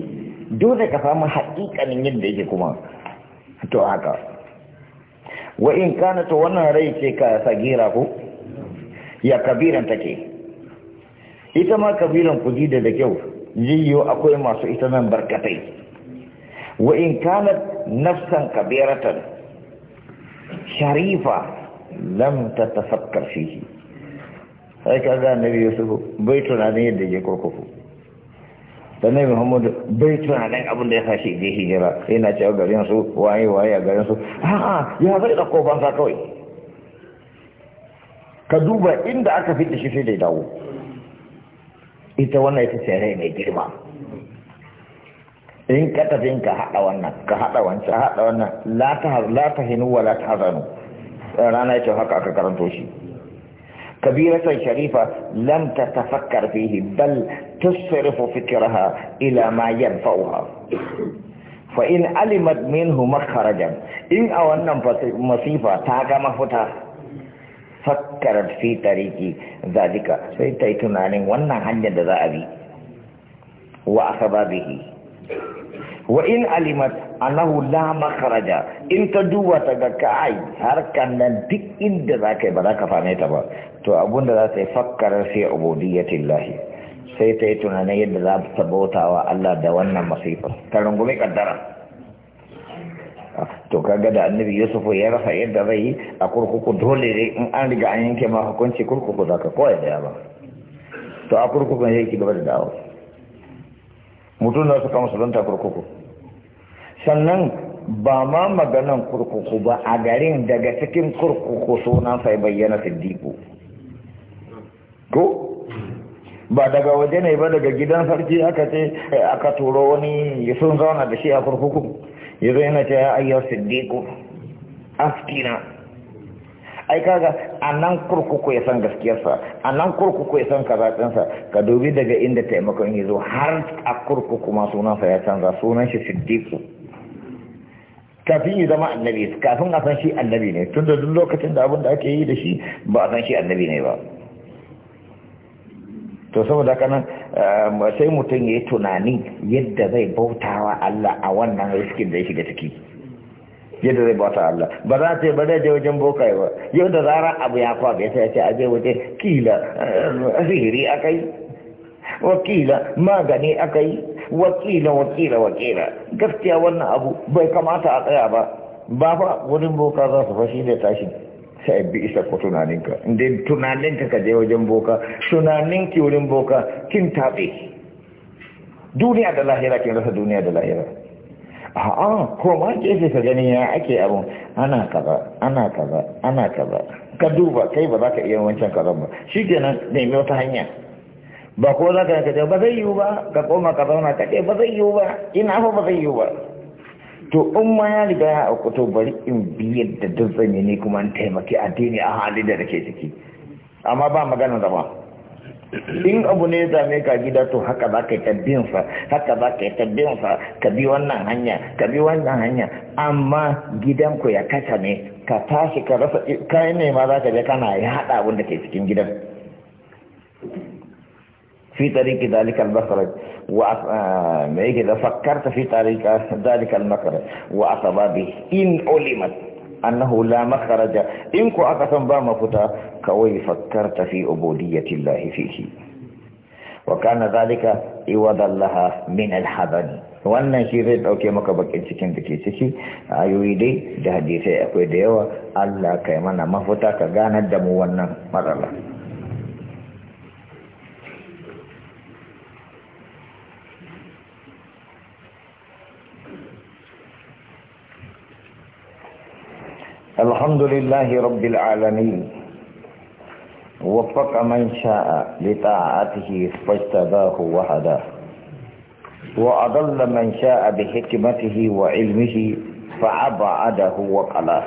dole ka samu haƙiƙanin yadda yake kuma to haka wa in kana to wannan rai ce ka sagira ko ya kabiran take ita ma kabiran ku ji da kyau jiyo akwai masu ita nan barkatai wa in kana nafsan kabiratan sharifa lam tatafakkar fihi sai kaga annabi yusuf bai tunanin yadda yake kurkuku sannan muhammadu bai tunanin abin da ya sa shi jira. Sai yana cewa garin su waye waye a garin su a'a ya zai kofan sa kawai ka duba inda aka fita shi sai da dawo ita wannan ita tsere rai mai girma in ka tafi ka haɗa wannan ka haɗa wancan haɗa wannan la ta hinu wa la ta hazanu rana ya ce haka aka karanto shi كبيرة شريفة لم تتفكر فيه بل تصرف فكرها إلى ما ينفعها فإن علمت منه مخرجا إن أولنا مصيفة تاغا مفتا فكرت في طريق ذلك سيتيتنا عن وانا حنجد ذا أبي وأخذ به وإن علمت annahu la makharaja in ka duba ta ga kai harkan nan duk inda za ka yi ba za ka same ta ba to abunda za ta yi fakkarar sai ubudiyyatillahi sai ta yi tunanin yadda za ta bautawa Allah da wannan masifa ta rungumi kaddara to kaga da annabi yusuf ya rasa yadda zai yi a kurkuku dole ne in an riga an yanke ma hukunci kurkuku zaka koya da ba to a kurkuku ne yake gaba da dawo mutum na suka musulunta kurkuku sannan ba ma maganan kurkuku ba a garin daga cikin kurkuku sunan sai bayyana siddiku ko ba daga waje ne ba daga gidan sarki aka ce aka turo wani ya sun zauna da shi a kurkuku ya zo yana ce ya ayyar siddiku askina ai kaga a kurkuku ya san gaskiyarsa a nan kurkuku ya san kazaɗinsa ka dubi daga inda taimakon ya har a kurkuku ma sunansa ya canza sunan shi siddiku kafin yi zama annabi kafin a san shi annabi ne tun da duk lokacin da abin da ake yi da shi ba a san shi annabi ne ba to saboda kana eh, sai mutum ya yi tunani yadda zai bautawa Allah a wannan riskin da ya shiga ciki yadda zai bauta Allah ba za ta yi ba zai je wajen bokaye ba yau da zarar abu ya kwaga ya ce a je waje kila sihiri eh, akai wakila magani akai wakila wakila wakila gaskiya wannan abu bai kamata a tsaya ba ba fa wurin boka za su fashi da tashi sai bi isa ko tunaninka inda tunaninka ka je wajen boka Tunanin ki wurin boka kin tabe duniya da lahira kin rasa duniya da lahira a'a ko ma ce ka gani ya ake abu. ana kaza ana kaza ana kaza ka duba kai ba za ka iya wancan kaza ba shi kenan nemi wata hanya ba ko za ka kace ba zai yiwu ba ka koma ka zauna ce ba zai yiwu ba ina fa ba zai yiwu ba to in ma ya riga ya a to bari in bi yadda duk zanye ne kuma in taimaki addini a hali da nake ciki amma ba magana zama in abu ne zame ka gida to haka za ka yi tabbin sa haka za ka yi tabbin sa ka bi wannan hanya ka bi wannan hanya amma gidan ku ya kasa ne ka tashi ka rasa kayan ne ma za ka je kana ya haɗa abin da ke cikin gidan في طريق ذلك المخرج وإذا فكرت في طريق ذلك المخرج وأسبابه إن علمت أنه لا مخرج إن كأكثم بام فتا كوي فكرت في عبودية الله فيه وكان ذلك عوضا لها من الحزن wannan shi zai dauke maka bakin cikin da ke ciki ayoyi dai da hadisai akwai da yawa Allah kai mana mafuta ka ganar da mu wannan matsala الحمد لله رب العالمين وفق من شاء لطاعته فاجتباه وهداه وأضل من شاء بحكمته وعلمه فأبعده وقلاه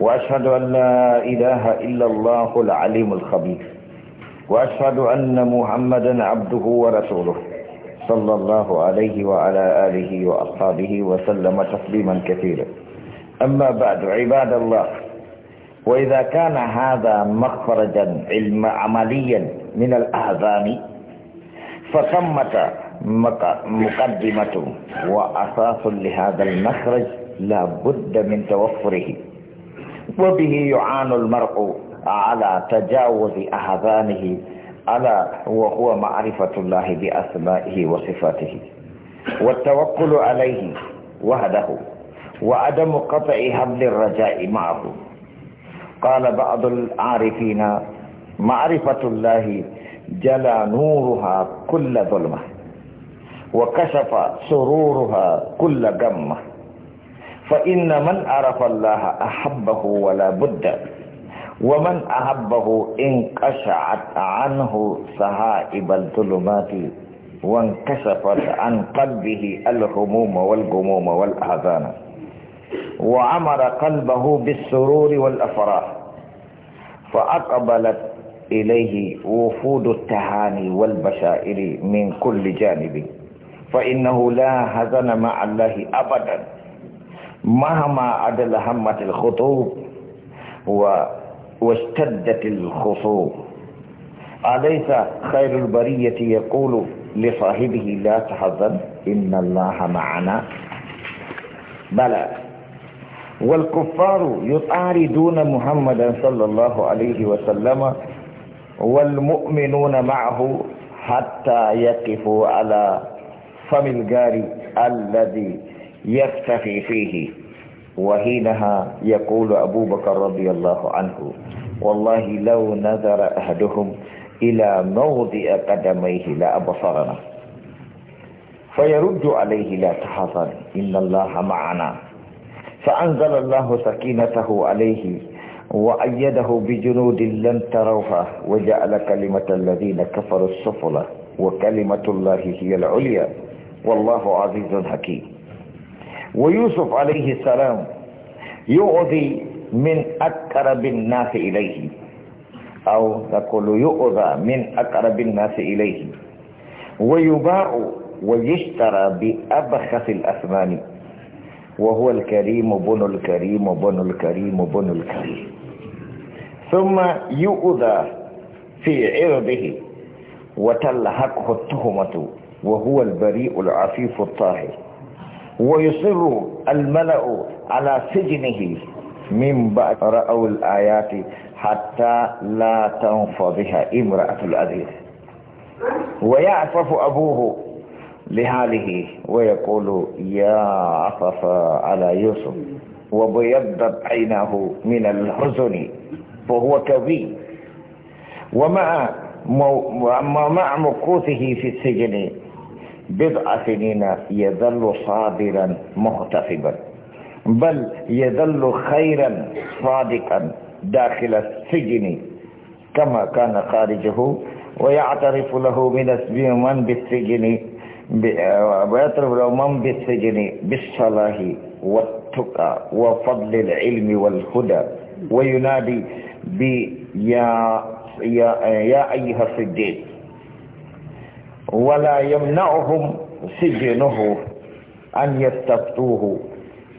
وأشهد أن لا إله إلا الله العليم الخبير وأشهد أن محمدا عبده ورسوله صلى الله عليه وعلى آله وأصحابه وسلم تسليما كثيرا أما بعد عباد الله وإذا كان هذا مخرجا علم عمليا من الأهذان فثمة مقدمة وأساس لهذا المخرج لا بد من توفره وبه يعان المرء على تجاوز أهذانه ألا وهو معرفة الله بأسمائه وصفاته والتوكل عليه وحده وعدم قطع حبل الرجاء معه قال بعض العارفين معرفة الله جلى نورها كل ظلمة وكشف سرورها كل غمة فإن من عرف الله أحبه ولا بد ومن أحبه انكشعت عنه سهائب الظلمات وانكشفت عن قلبه الهموم والغموم والأحزان وعمر قلبه بالسرور والأفراح فأقبلت إليه وفود التهاني والبشائر من كل جانب فإنه لا هزن مع الله أبدا مهما عدل همة الخطوب و... واشتدت الخصوم أليس خير البرية يقول لصاحبه لا تحزن إن الله معنا بلى والكفار يطاردون محمدا صلى الله عليه وسلم والمؤمنون معه حتى يقفوا على فم الجار الذي يختفي فيه وحينها يقول أبو بكر رضي الله عنه والله لو نظر أحدهم إلى موضع قدميه لأبصرنا فيرد عليه لا تحزن إن الله معنا فأنزل الله سكينته عليه وأيده بجنود لم تروها وجعل كلمة الذين كفروا السفلى وكلمة الله هي العليا والله عزيز حكيم ويوسف عليه السلام يؤذي من أقرب الناس إليه أو نقول يؤذى من أقرب الناس إليه ويباع ويشترى بأبخس الأثمان وهو الكريم بن الكريم بن الكريم بن الكريم ثم يؤذى في عرضه وتلحقه التهمة وهو البريء العفيف الطاهر ويصر الملأ على سجنه من بعد رأوا الآيات حتى لا تنفضها امرأة العزيز ويعفف أبوه لحاله ويقول يا عطف على يوسف وبيضت عيناه من الحزن فهو كظيم ومع مع مكوثه في السجن بضع سنين يظل صابرا مغتصبا بل يظل خيرا صادقا داخل السجن كما كان خارجه ويعترف له من من بالسجن آه، ويطلب الأمم بالسجن بالصلاح والتقى وفضل العلم والهدى وينادي بيا يا, يا آه، أيها الصديق ولا يمنعهم سجنه أن يستفتوه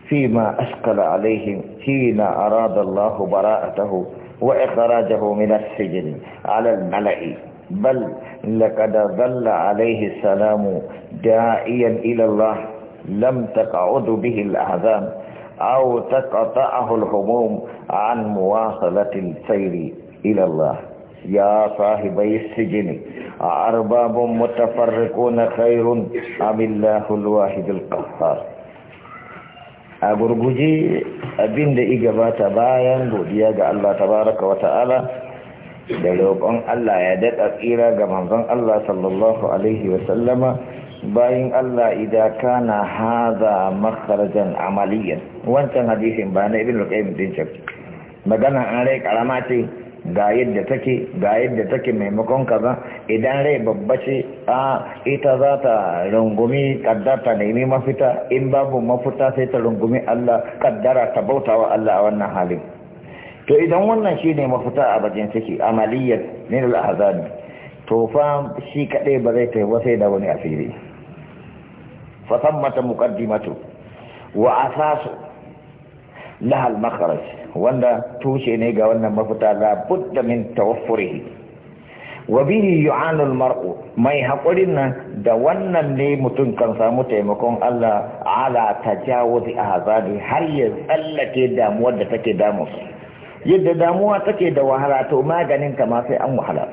فيما أشكل عليهم حين أراد الله براءته وإخراجه من السجن على الملأ بل لقد ظل عليه السلام داعيا إلى الله لم تقعد به الأحزان أو تقطعه الهموم عن مواصلة السير إلى الله يا صاحبي السجن أرباب متفرقون خير أم الله الواحد القهار أبو gurguje abin da i gabata bayan godiya ga Allah da roƙon Allah ya daɗa tsira ga manzon Allah sallallahu alaihi wasallama bayan Allah idan kana haza makarajan amaliyan wancan hadisin ba na ibn al din magana an rai karama ce ga yadda take ga yadda take maimakon kaza idan rai babba ce a ita za ta rungumi kaddara ta nemi mafita in babu mafita sai ta rungumi Allah kaddara ta bautawa Allah a wannan halin to idan wannan shi ne mafita a bakin ciki amaliyar min al-ahzani to fa shi kadai ba zai tafi sai da wani asiri fa sammata mukaddimatu wa asasu laha al wanda tushe ne ga wannan mafita la budda min tawaffurihi wa bihi yu'anu al-mar'u mai hakurin nan da wannan ne mutum kan samu taimakon Allah ala tajawuzi ahzani har ya tsallake damuwar da take damu. yadda damuwa take da wahala to maganin kama sai an wahala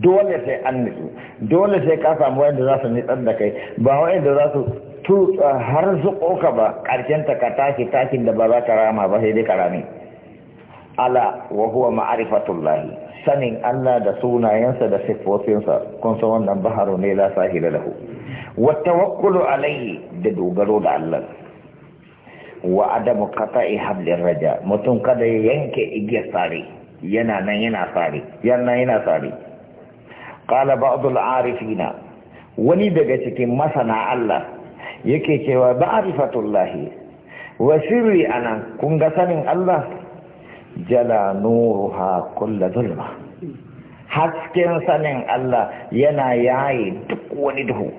dole sai an nutsu dole sai ka samu wanda za su nutsar da kai ba wanda za su tutsa har zuko ka ba karshen ta ka tashi takin da ba za ka rama ba sai dai ka rame ala wa huwa ma'rifatullah sanin Allah da sunayensa da sifofinsa kun san wannan baharo ne la sahila lahu wa tawakkulu alaihi da dogaro da Allah wa adamu kata hablir raja mutum kada ya yanke igiyar sare yana nan yana sare yana yana sare qala ba'd al-arifina wani daga cikin masana Allah yake cewa ba'rifatullahi wa sirri anan kun ga sanin Allah jala nuruha kulla zulma hasken sanin Allah yana yayi duk wani duhu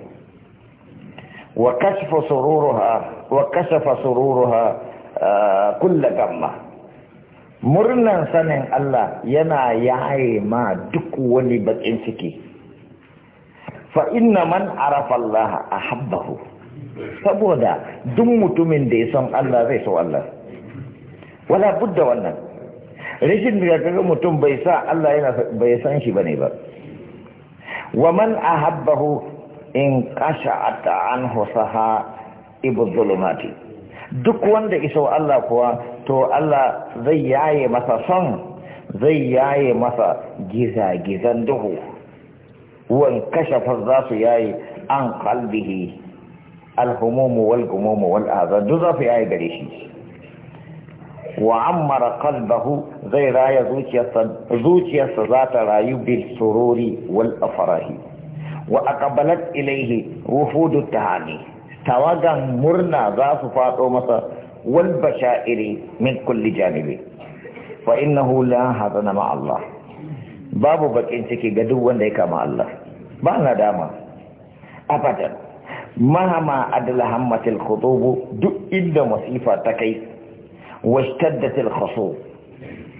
wa kashfa sururuha wa kashafa sururuha ah, kullu gamma murnan sanin Allah yana yaye ma duk wani bakin ciki fa inna man arafa Allah ahabbahu saboda duk mutumin da ya san Allah zai so Allah wala budda wannan rashin da kaga mutum bai sa Allah yana bai san shi bane ba wa man ahabbahu in kasha'ata anhu saha ibu zulumati duk wanda iso Allah kuwa to Allah zai yaye masa son zai yaye masa gizagizan duhu wan kashafa za su yaye an kalbihi alhumumu wal gumumu duk za su yaye gare shi wa ammara qalbahu zai raya zuciyarsa za ta rayu bil sururi wal afrahi wa aqbalat ilayhi wufudu tahani tawagan murna za su fado masa wal bashairi min kulli janibi fa innahu la hazana ma Allah babu bakin ciki ga duk wanda ya kama Allah ba na dama abadan mahama adala hammatil khutubu duk inda masifa ta kai washtaddatil khusum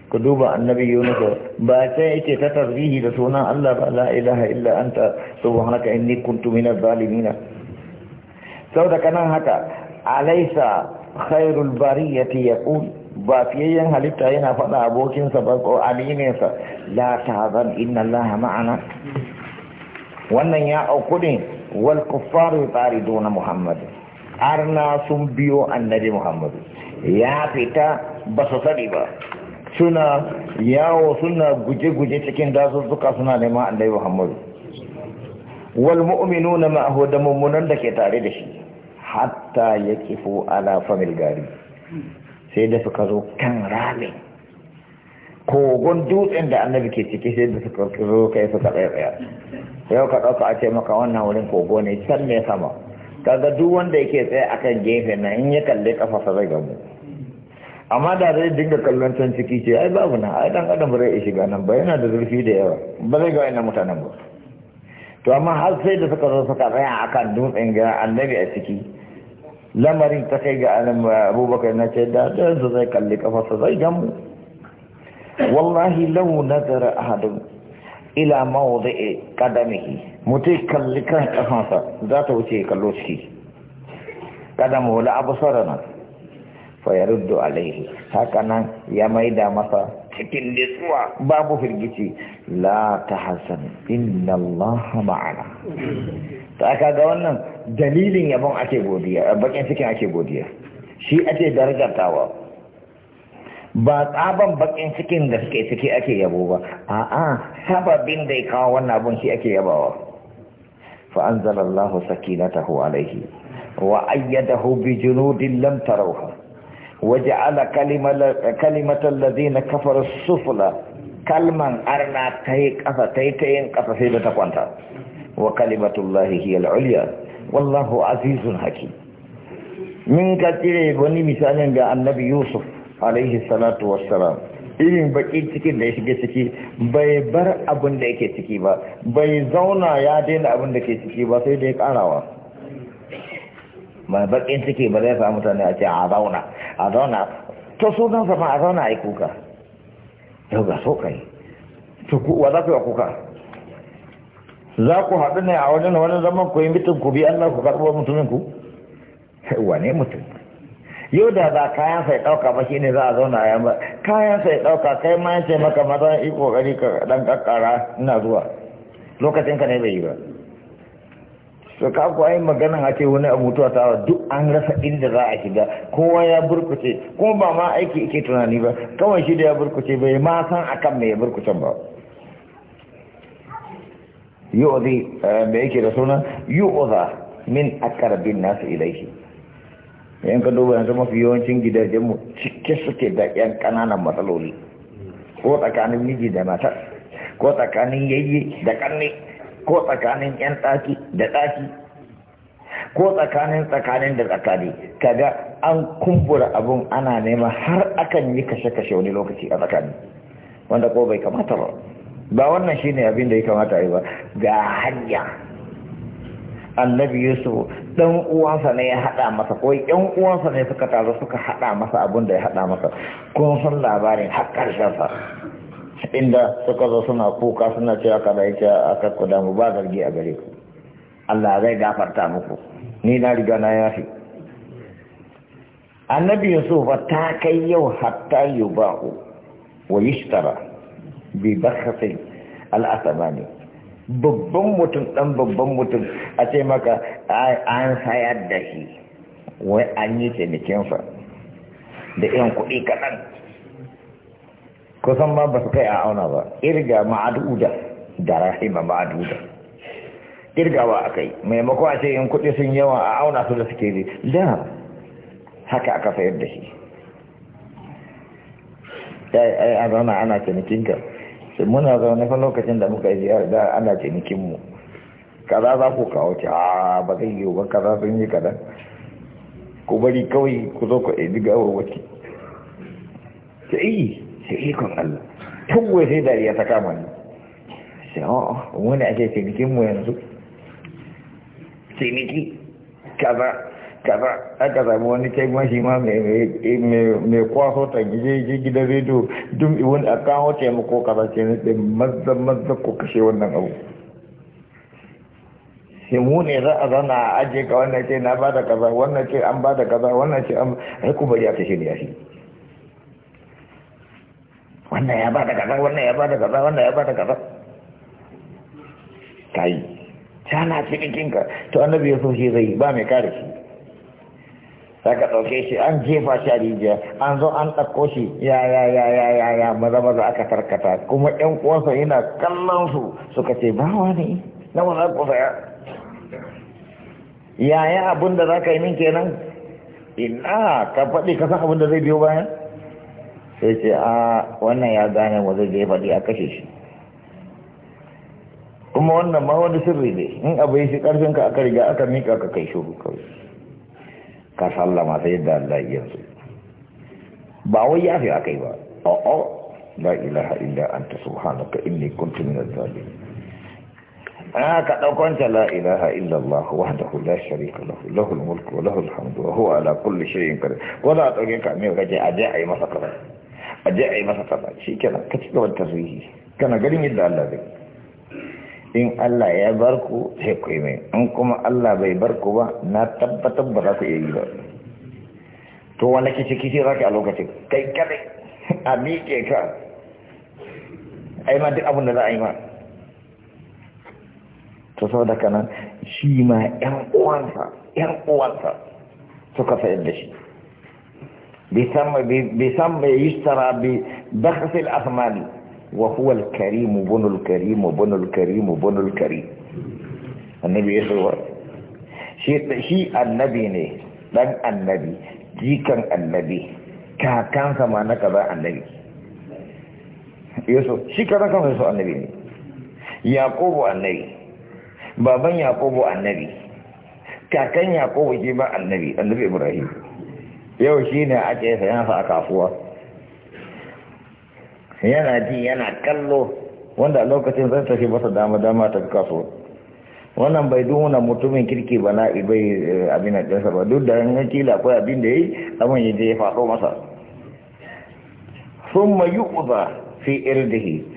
ku duba annabi yunus ba ta yake ta tarbihi da sunan Allah ba la ilaha illa anta subhanaka inni kuntu minaz zalimin saboda kanan haka alaysa khairul bariyati yaqul ba fiyayyen halitta yana faɗa abokinsa ba ko amininsa la tahzan inna Allah ma'ana wannan ya auku ne wal kuffaru yuqariduna muhammad arna sun biyo annabi muhammad ya fita ba su sani ba suna yawo suna guje-guje cikin dazuzzuka suna neman annabi muhammadu wal mu'minuna ma'ahu da mummunan da ke tare da shi hatta yaqifu ala famil gari sai da suka zo kan ramin kogon dutsen da annabi ke ciki sai da suka zo kai suka tsaya tsaya yau ka ɗauka a ce maka wannan wurin kogo ne can ne sama kaga duk wanda yake tsaye akan gefe na in ya kalle kafasa zai gamu amma da zai dinga kallon can ciki ce ai babu na ai dan adam bare ya shiga nan ba yana da zurfi da yawa ba zai ga wannan mutanen ba to amma har sai da suka zo suka tsaya akan dutsen ga annabi a ciki lamarin ta kai ga annabi Abubakar na ce da dan su zai kalli kafarsa zai ga mu wallahi law nazara ahadun ila mawdi'i qadamihi mutai kalli kan kafarsa za ta wuce kallo ciki kada mu la absarana fayaruddu alaihi hakanan ya maida masa cikin nutsuwa babu firgici la tahzan inna allaha ma'ana ta ga wannan dalilin yabon ake godiya bakin cikin ake godiya shi ake darajartawa ba tsaban bakin cikin da suke ciki ake yabo ba a'a sababin da ya kawo wannan abun shi ake yabawa fa anzalallahu sakinatahu alaihi wa ayyadahu bi junudin lam tarawha waje ala kalimatar da zina kafar sufula kalman arna ta yi kasa ta sai da ta kwanta wa kalimatullahi hiya al'uliya wallahu azizun haki min ka tsire wani misalin ga annabi yusuf alaihi salatu wassalam irin baki cikin da ya shiga ciki bai bar abin da yake ciki ba bai zauna ya daina abin da ke ciki ba sai da ya karawa ba bakin ciki ba zai samu mutane a ce a zauna a zauna to sunan sama a zauna a yi kuka yau ga so kai to wa za ku yi kuka za ku haɗu ne a wajen wani zaman ku yi mitin ku bi Allah ku karɓo mutumin ku wane mutum yau da za kayan sai ɗauka ba shi ne za a zauna a yamma kayan sai ɗauka kai ma yace maka maza yi ƙoƙari ka ɗan ƙaƙƙara ina zuwa lokacin ka ne bai yi ba to ka ku ai magana a ce wani abu ta tawa duk an rasa inda za a shiga kowa ya burkuce kuma ba ma aiki yake tunani ba kawai shi da ya burkuce bai ma san akan me ya burkucen ba yu'zi eh, me yake da suna yu'za min aqrabin nas ilaihi yan ka duba yanzu mafi yawancin gidajen mu cike suke da yan kananan matsaloli ko tsakanin miji da mata ko tsakanin yayye da kanne ko tsakanin 'yan ɗaki da ɗaki ko tsakanin tsakanin da tsakani kaga an kumbura abun ana nema har akan yi kashe-kashe wani lokaci a tsakani wanda ko bai kamata ba ba wannan shine abin da ya kamata yi ba ga hanya annabi yusuf dan uwansa ne ya hada masa ko yan uwansa ne suka tazo suka hada masa abun da ya hada masa kun san labarin har karshen sa inda suka zo suna kuka suna cewa kada yake aka kuda mu ba zargi a gare ku Allah zai gafarta muku ni na riga na yafi annabi yusuf ta kai yau hatta yubahu wa yishtara bi al asmani babban mutum dan babban mutum a ce maka an sayar da shi wai an yi cinikinsa da yan kuɗi kaɗan kusan ba ba su kai a auna ba irga ma'aduda da rahima ma'aduda irgawa a kai maimako a ce in kudi sun yawa a auna su da suke zai da haka aka sayar da shi ai a zauna ana ka sai muna zaune fa lokacin da muka yi ziyar da ana mu kaza za ku kawo ce a ba zai yi ba kaza sun yi kaza ku bari kawai ku zo ku wa gawarwaki ta iya sai ikon Allah tun wai sai dariya ta kama ne sai a'a oh, oh, wani ake taimakin mu yanzu ciniki kaza kaza aka samu wani kai ma mai kwaso ta gije gida redo dum iwon a kawo taimako kaza ce na ɗin mazan mazan ko kashe wannan abu sai mu ne za a zana a ajiye ka wannan ce na ba da kaza wannan ce an ba da kaza wannan ce an haiku bari a kashe ne ya shi wannan ya bada kaza wannan ya bada kaza wannan ya bada kaza kai tana cikin ka to annabi ya so shi zai ba mai kare shi saka ɗauke shi an jefa shi a rijiya an zo an dauko shi ya ya ya ya ya ya maza maza aka tarkata kuma yan uwansa yana kallon su suka ce ba wani na wani ku saya yaya abin da za ka yi min kenan ina ka faɗi ka san abin da zai biyo bayan sai ce a wannan ya gane wa zai je faɗi a kashe shi kuma wannan ma wani sirri ne in abu yi shi ƙarfin ka aka riga aka mika ka kai shuru kawai ka sallama sai da Allah ya yanzu ba wai ya fi akai ba a'a la ilaha illa anta subhanaka inni kuntu minaz zalimin هناك لو كنت لا إله إلا الله وحده لا شريك له له الملك وله الحمد وهو على كل شيء قدير ولا تجيك أمير جاء جاء مسكرا a je a yi masa kaza shi kenan ka ci gaba da tasiri kana garin yadda Allah zai in Allah ya bar ku sai ku yi mai in kuma Allah bai bar ku ba na tabbatar ba za ku iya yi ba to wani kici kici za ka a lokacin kai kadai a miƙe ka yi ma duk abin da za a yi ma to saboda kana shi ma 'yan uwansa 'yan uwansa suka sayar da shi بسم يشترى بدخس الأثمان وهو الكريم بن الكريم بن الكريم بن الكريم النبي يسوع شيء شيء النبي نه دان النبي جي كان النبي كا كان كما نكبا النبي يسوع شيء كان كان يسوع النبي نه يعقوب النبي بابا يعقوب النبي كا كان يعقوب جيبا النبي النبي إبراهيم yau shi ne ake sa a kasuwa yana ji yana kallo wanda a lokacin zai tafi masa dama-dama ta kasuwa wannan bai duna mutumin kirki ba na ibai eh, abin ajiyarsa ba duk da yan kila akwai abin da ya yi abin ya je ya faɗo masa sun mayu uba fi irdihi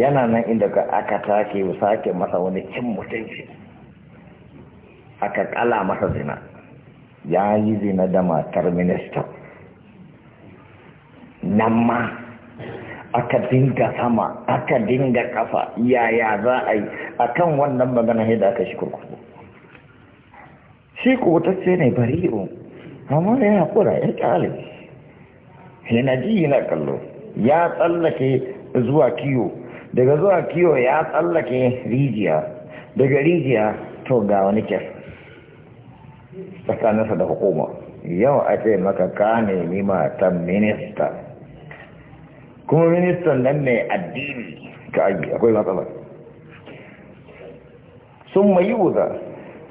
yana nan inda ka aka take sake masa wani cin mutunci aka kala masa zina ya yi zina da matar minista nan ma aka dinga sama aka dinga kafa yaya za a yi a kan wannan magana yadda aka shi kurkuku shi kubutacce ne bari'u amma ya haƙura ya ƙyale yana ji yana kallo ya tsallake zuwa kiyo daga zuwa kiyo ya tsallake rijiya daga rijiya to ga wani kyar tsakaninsa da hukuma yau a ce maka ka nemi matan minista kuma ministan nan mai addini ka akwai matsala sun mai wuza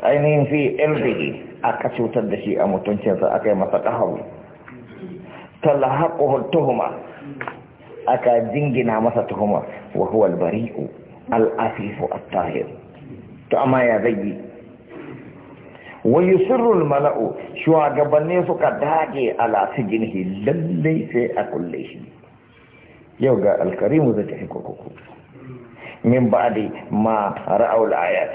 ainihin fi irbihi aka cutar da shi a mutuncinsa aka yi masa ƙaharu talahaƙuhun tuhuma aka jingina masa tuhuma wa huwa albari'u al'afifu at-tahir to amma ya zai wani sirrul mala'u shugabanni suka dage ala sijinihi lallai sai a kulle shi yau ga alkarimu zai tafi kwakwakwu min ba'di ma ra'aul ayat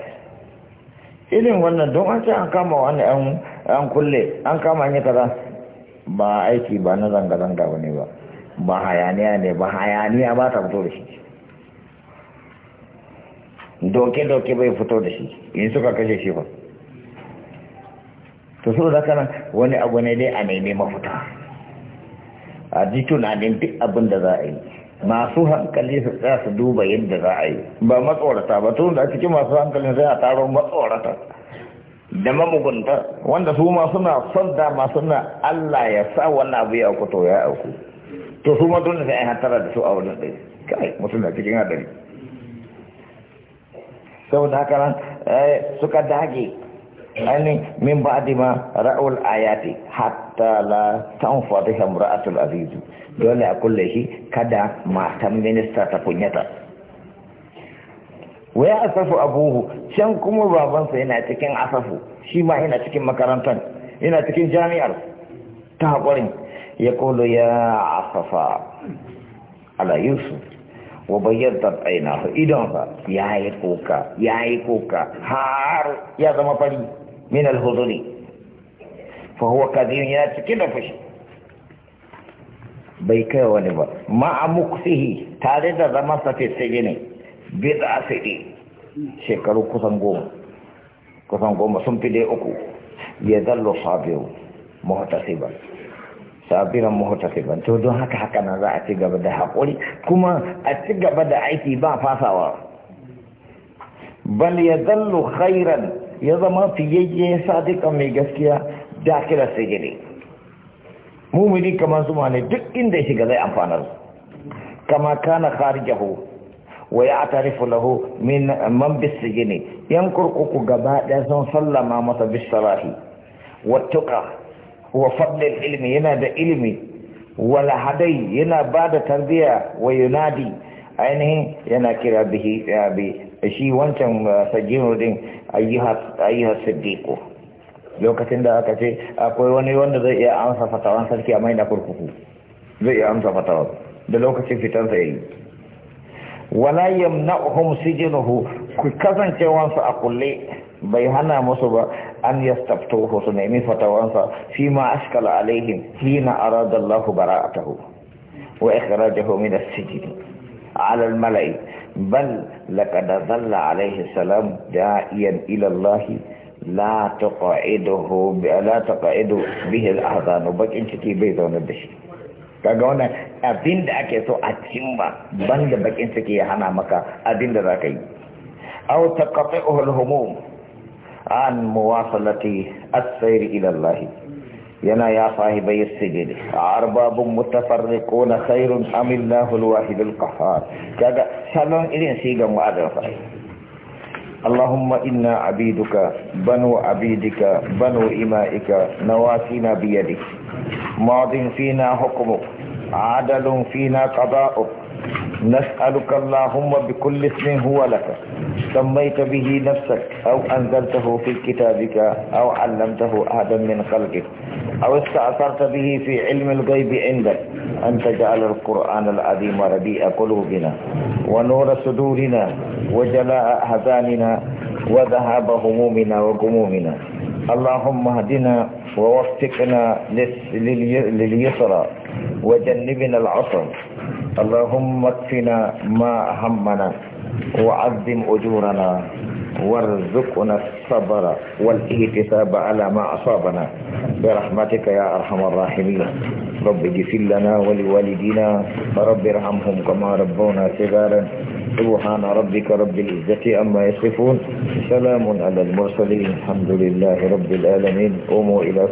irin wannan don an ce an kama wani an kulle an kama an yi kaza ba aiki ba na zanga-zanga wani ba ba hayaniya ne ba hayaniya ba ta fito da shi doke-doke bai fito da shi in suka kashe shi ba to so da kana wani abu ne dai a nemi mafuta a ji ne duk abin da za a yi masu hankali su tsaya su duba yadda za a yi ba matsorata ba tun da cikin masu hankalin sai a taro matsorata da mamugunta wanda su ma suna son da ma suna Allah ya sa wannan abu ya auku to ya auku to su ma dole sai an hatara da su a wurin dai kai mutum da cikin hadari saboda haka nan eh, suka dage يعني من ra'ul ما رأوا الآيات حتى لا تنفضح امرأة العزيز دولة كل kada كدا ما تم منستا تكونيتا waya asafu abuhu can kuma babansa yana cikin asafu shi ma yana cikin makarantar yana cikin jami'ar ta haƙurin ya kolo ya asafa ala yusuf wa bayyanta ainihu idonsa ya yi koka ya yi koka har ya zama fari min al fa huwa ya cike da fushi bai kai wani ba ma'a muksihi tare da zama sa fi sigini bid'a sidi shekaru kusan goma kusan goma sun fi uku ya zallo sabiru muhtasiban sabiran muhtasiban to don haka haka za a ci gaba da haƙuri kuma a ci gaba da aiki ba fasawa bal ya zan khairan ya zama fiyayye sadiƙa mai gaskiya da kira sigiri mumini kamar zuma ne duk inda ya shiga zai su kama kana kharijahu wa ya atarifu lahu min man gini? yan kurkuku gaba ɗaya sun sallama masa bisarahi wa tuqa wa fadlil ilmi yana da ilimi wala hadai yana da tarbiyya, wa yunadi ainihin yana kira bihi shi wancan uh, sajino din ayyuhar siddiqu lokacin da aka ce akwai wani wanda zai iya amsa fatawan sarki a maina kurkuku zai iya amsa fatawa da lokacin fitansa ya yi wala yamna'uhum sijinuhu ku kasancewansu a kulle bai hana musu ba an yastaftuhu su nemi fatawansa fi ma ashkala alaihim hina arada Allah bara'atahu wa ikhrajahu min as-sijn على الملأ بل لقد ظل عليه السلام داعيا إلى الله لا تقعده لا تقعد به الأحزان وبكين شكي بيزون الدشي kaga wannan abin da ake so a cimma banda bakin ciki ya hana maka abin da za ka yi aw taqati'uhu al an muwasalati as-sayr ينا يا صاحبي السجن أرباب متفرقون خير أم الله الواحد القهار كذا سلام إذن سيغا مؤذن اللهم إنا عبيدك بنو عبيدك بنو إمائك نواسينا بيدك ماض فينا حكمك عدل فينا قضاؤك نسألك اللهم بكل اسم هو لك سميت به نفسك أو أنزلته في كتابك أو علمته أحدا من خلقك أو استأثرت به في علم الغيب عندك أن تجعل القرآن العظيم ربيع قلوبنا ونور صدورنا وجلاء أحزاننا وذهاب همومنا وغمومنا اللهم اهدنا ووفقنا لليسرى وجنبنا العصر اللهم اكفنا ما همنا وعظم أجورنا وارزقنا الصبر والاحتساب على ما أصابنا برحمتك يا أرحم الراحمين رب اغفر لنا ولوالدينا رب ارحمهم كما ربونا صغارا سبحان ربك رب العزة أما يصفون سلام على المرسلين الحمد لله رب العالمين قوموا إلى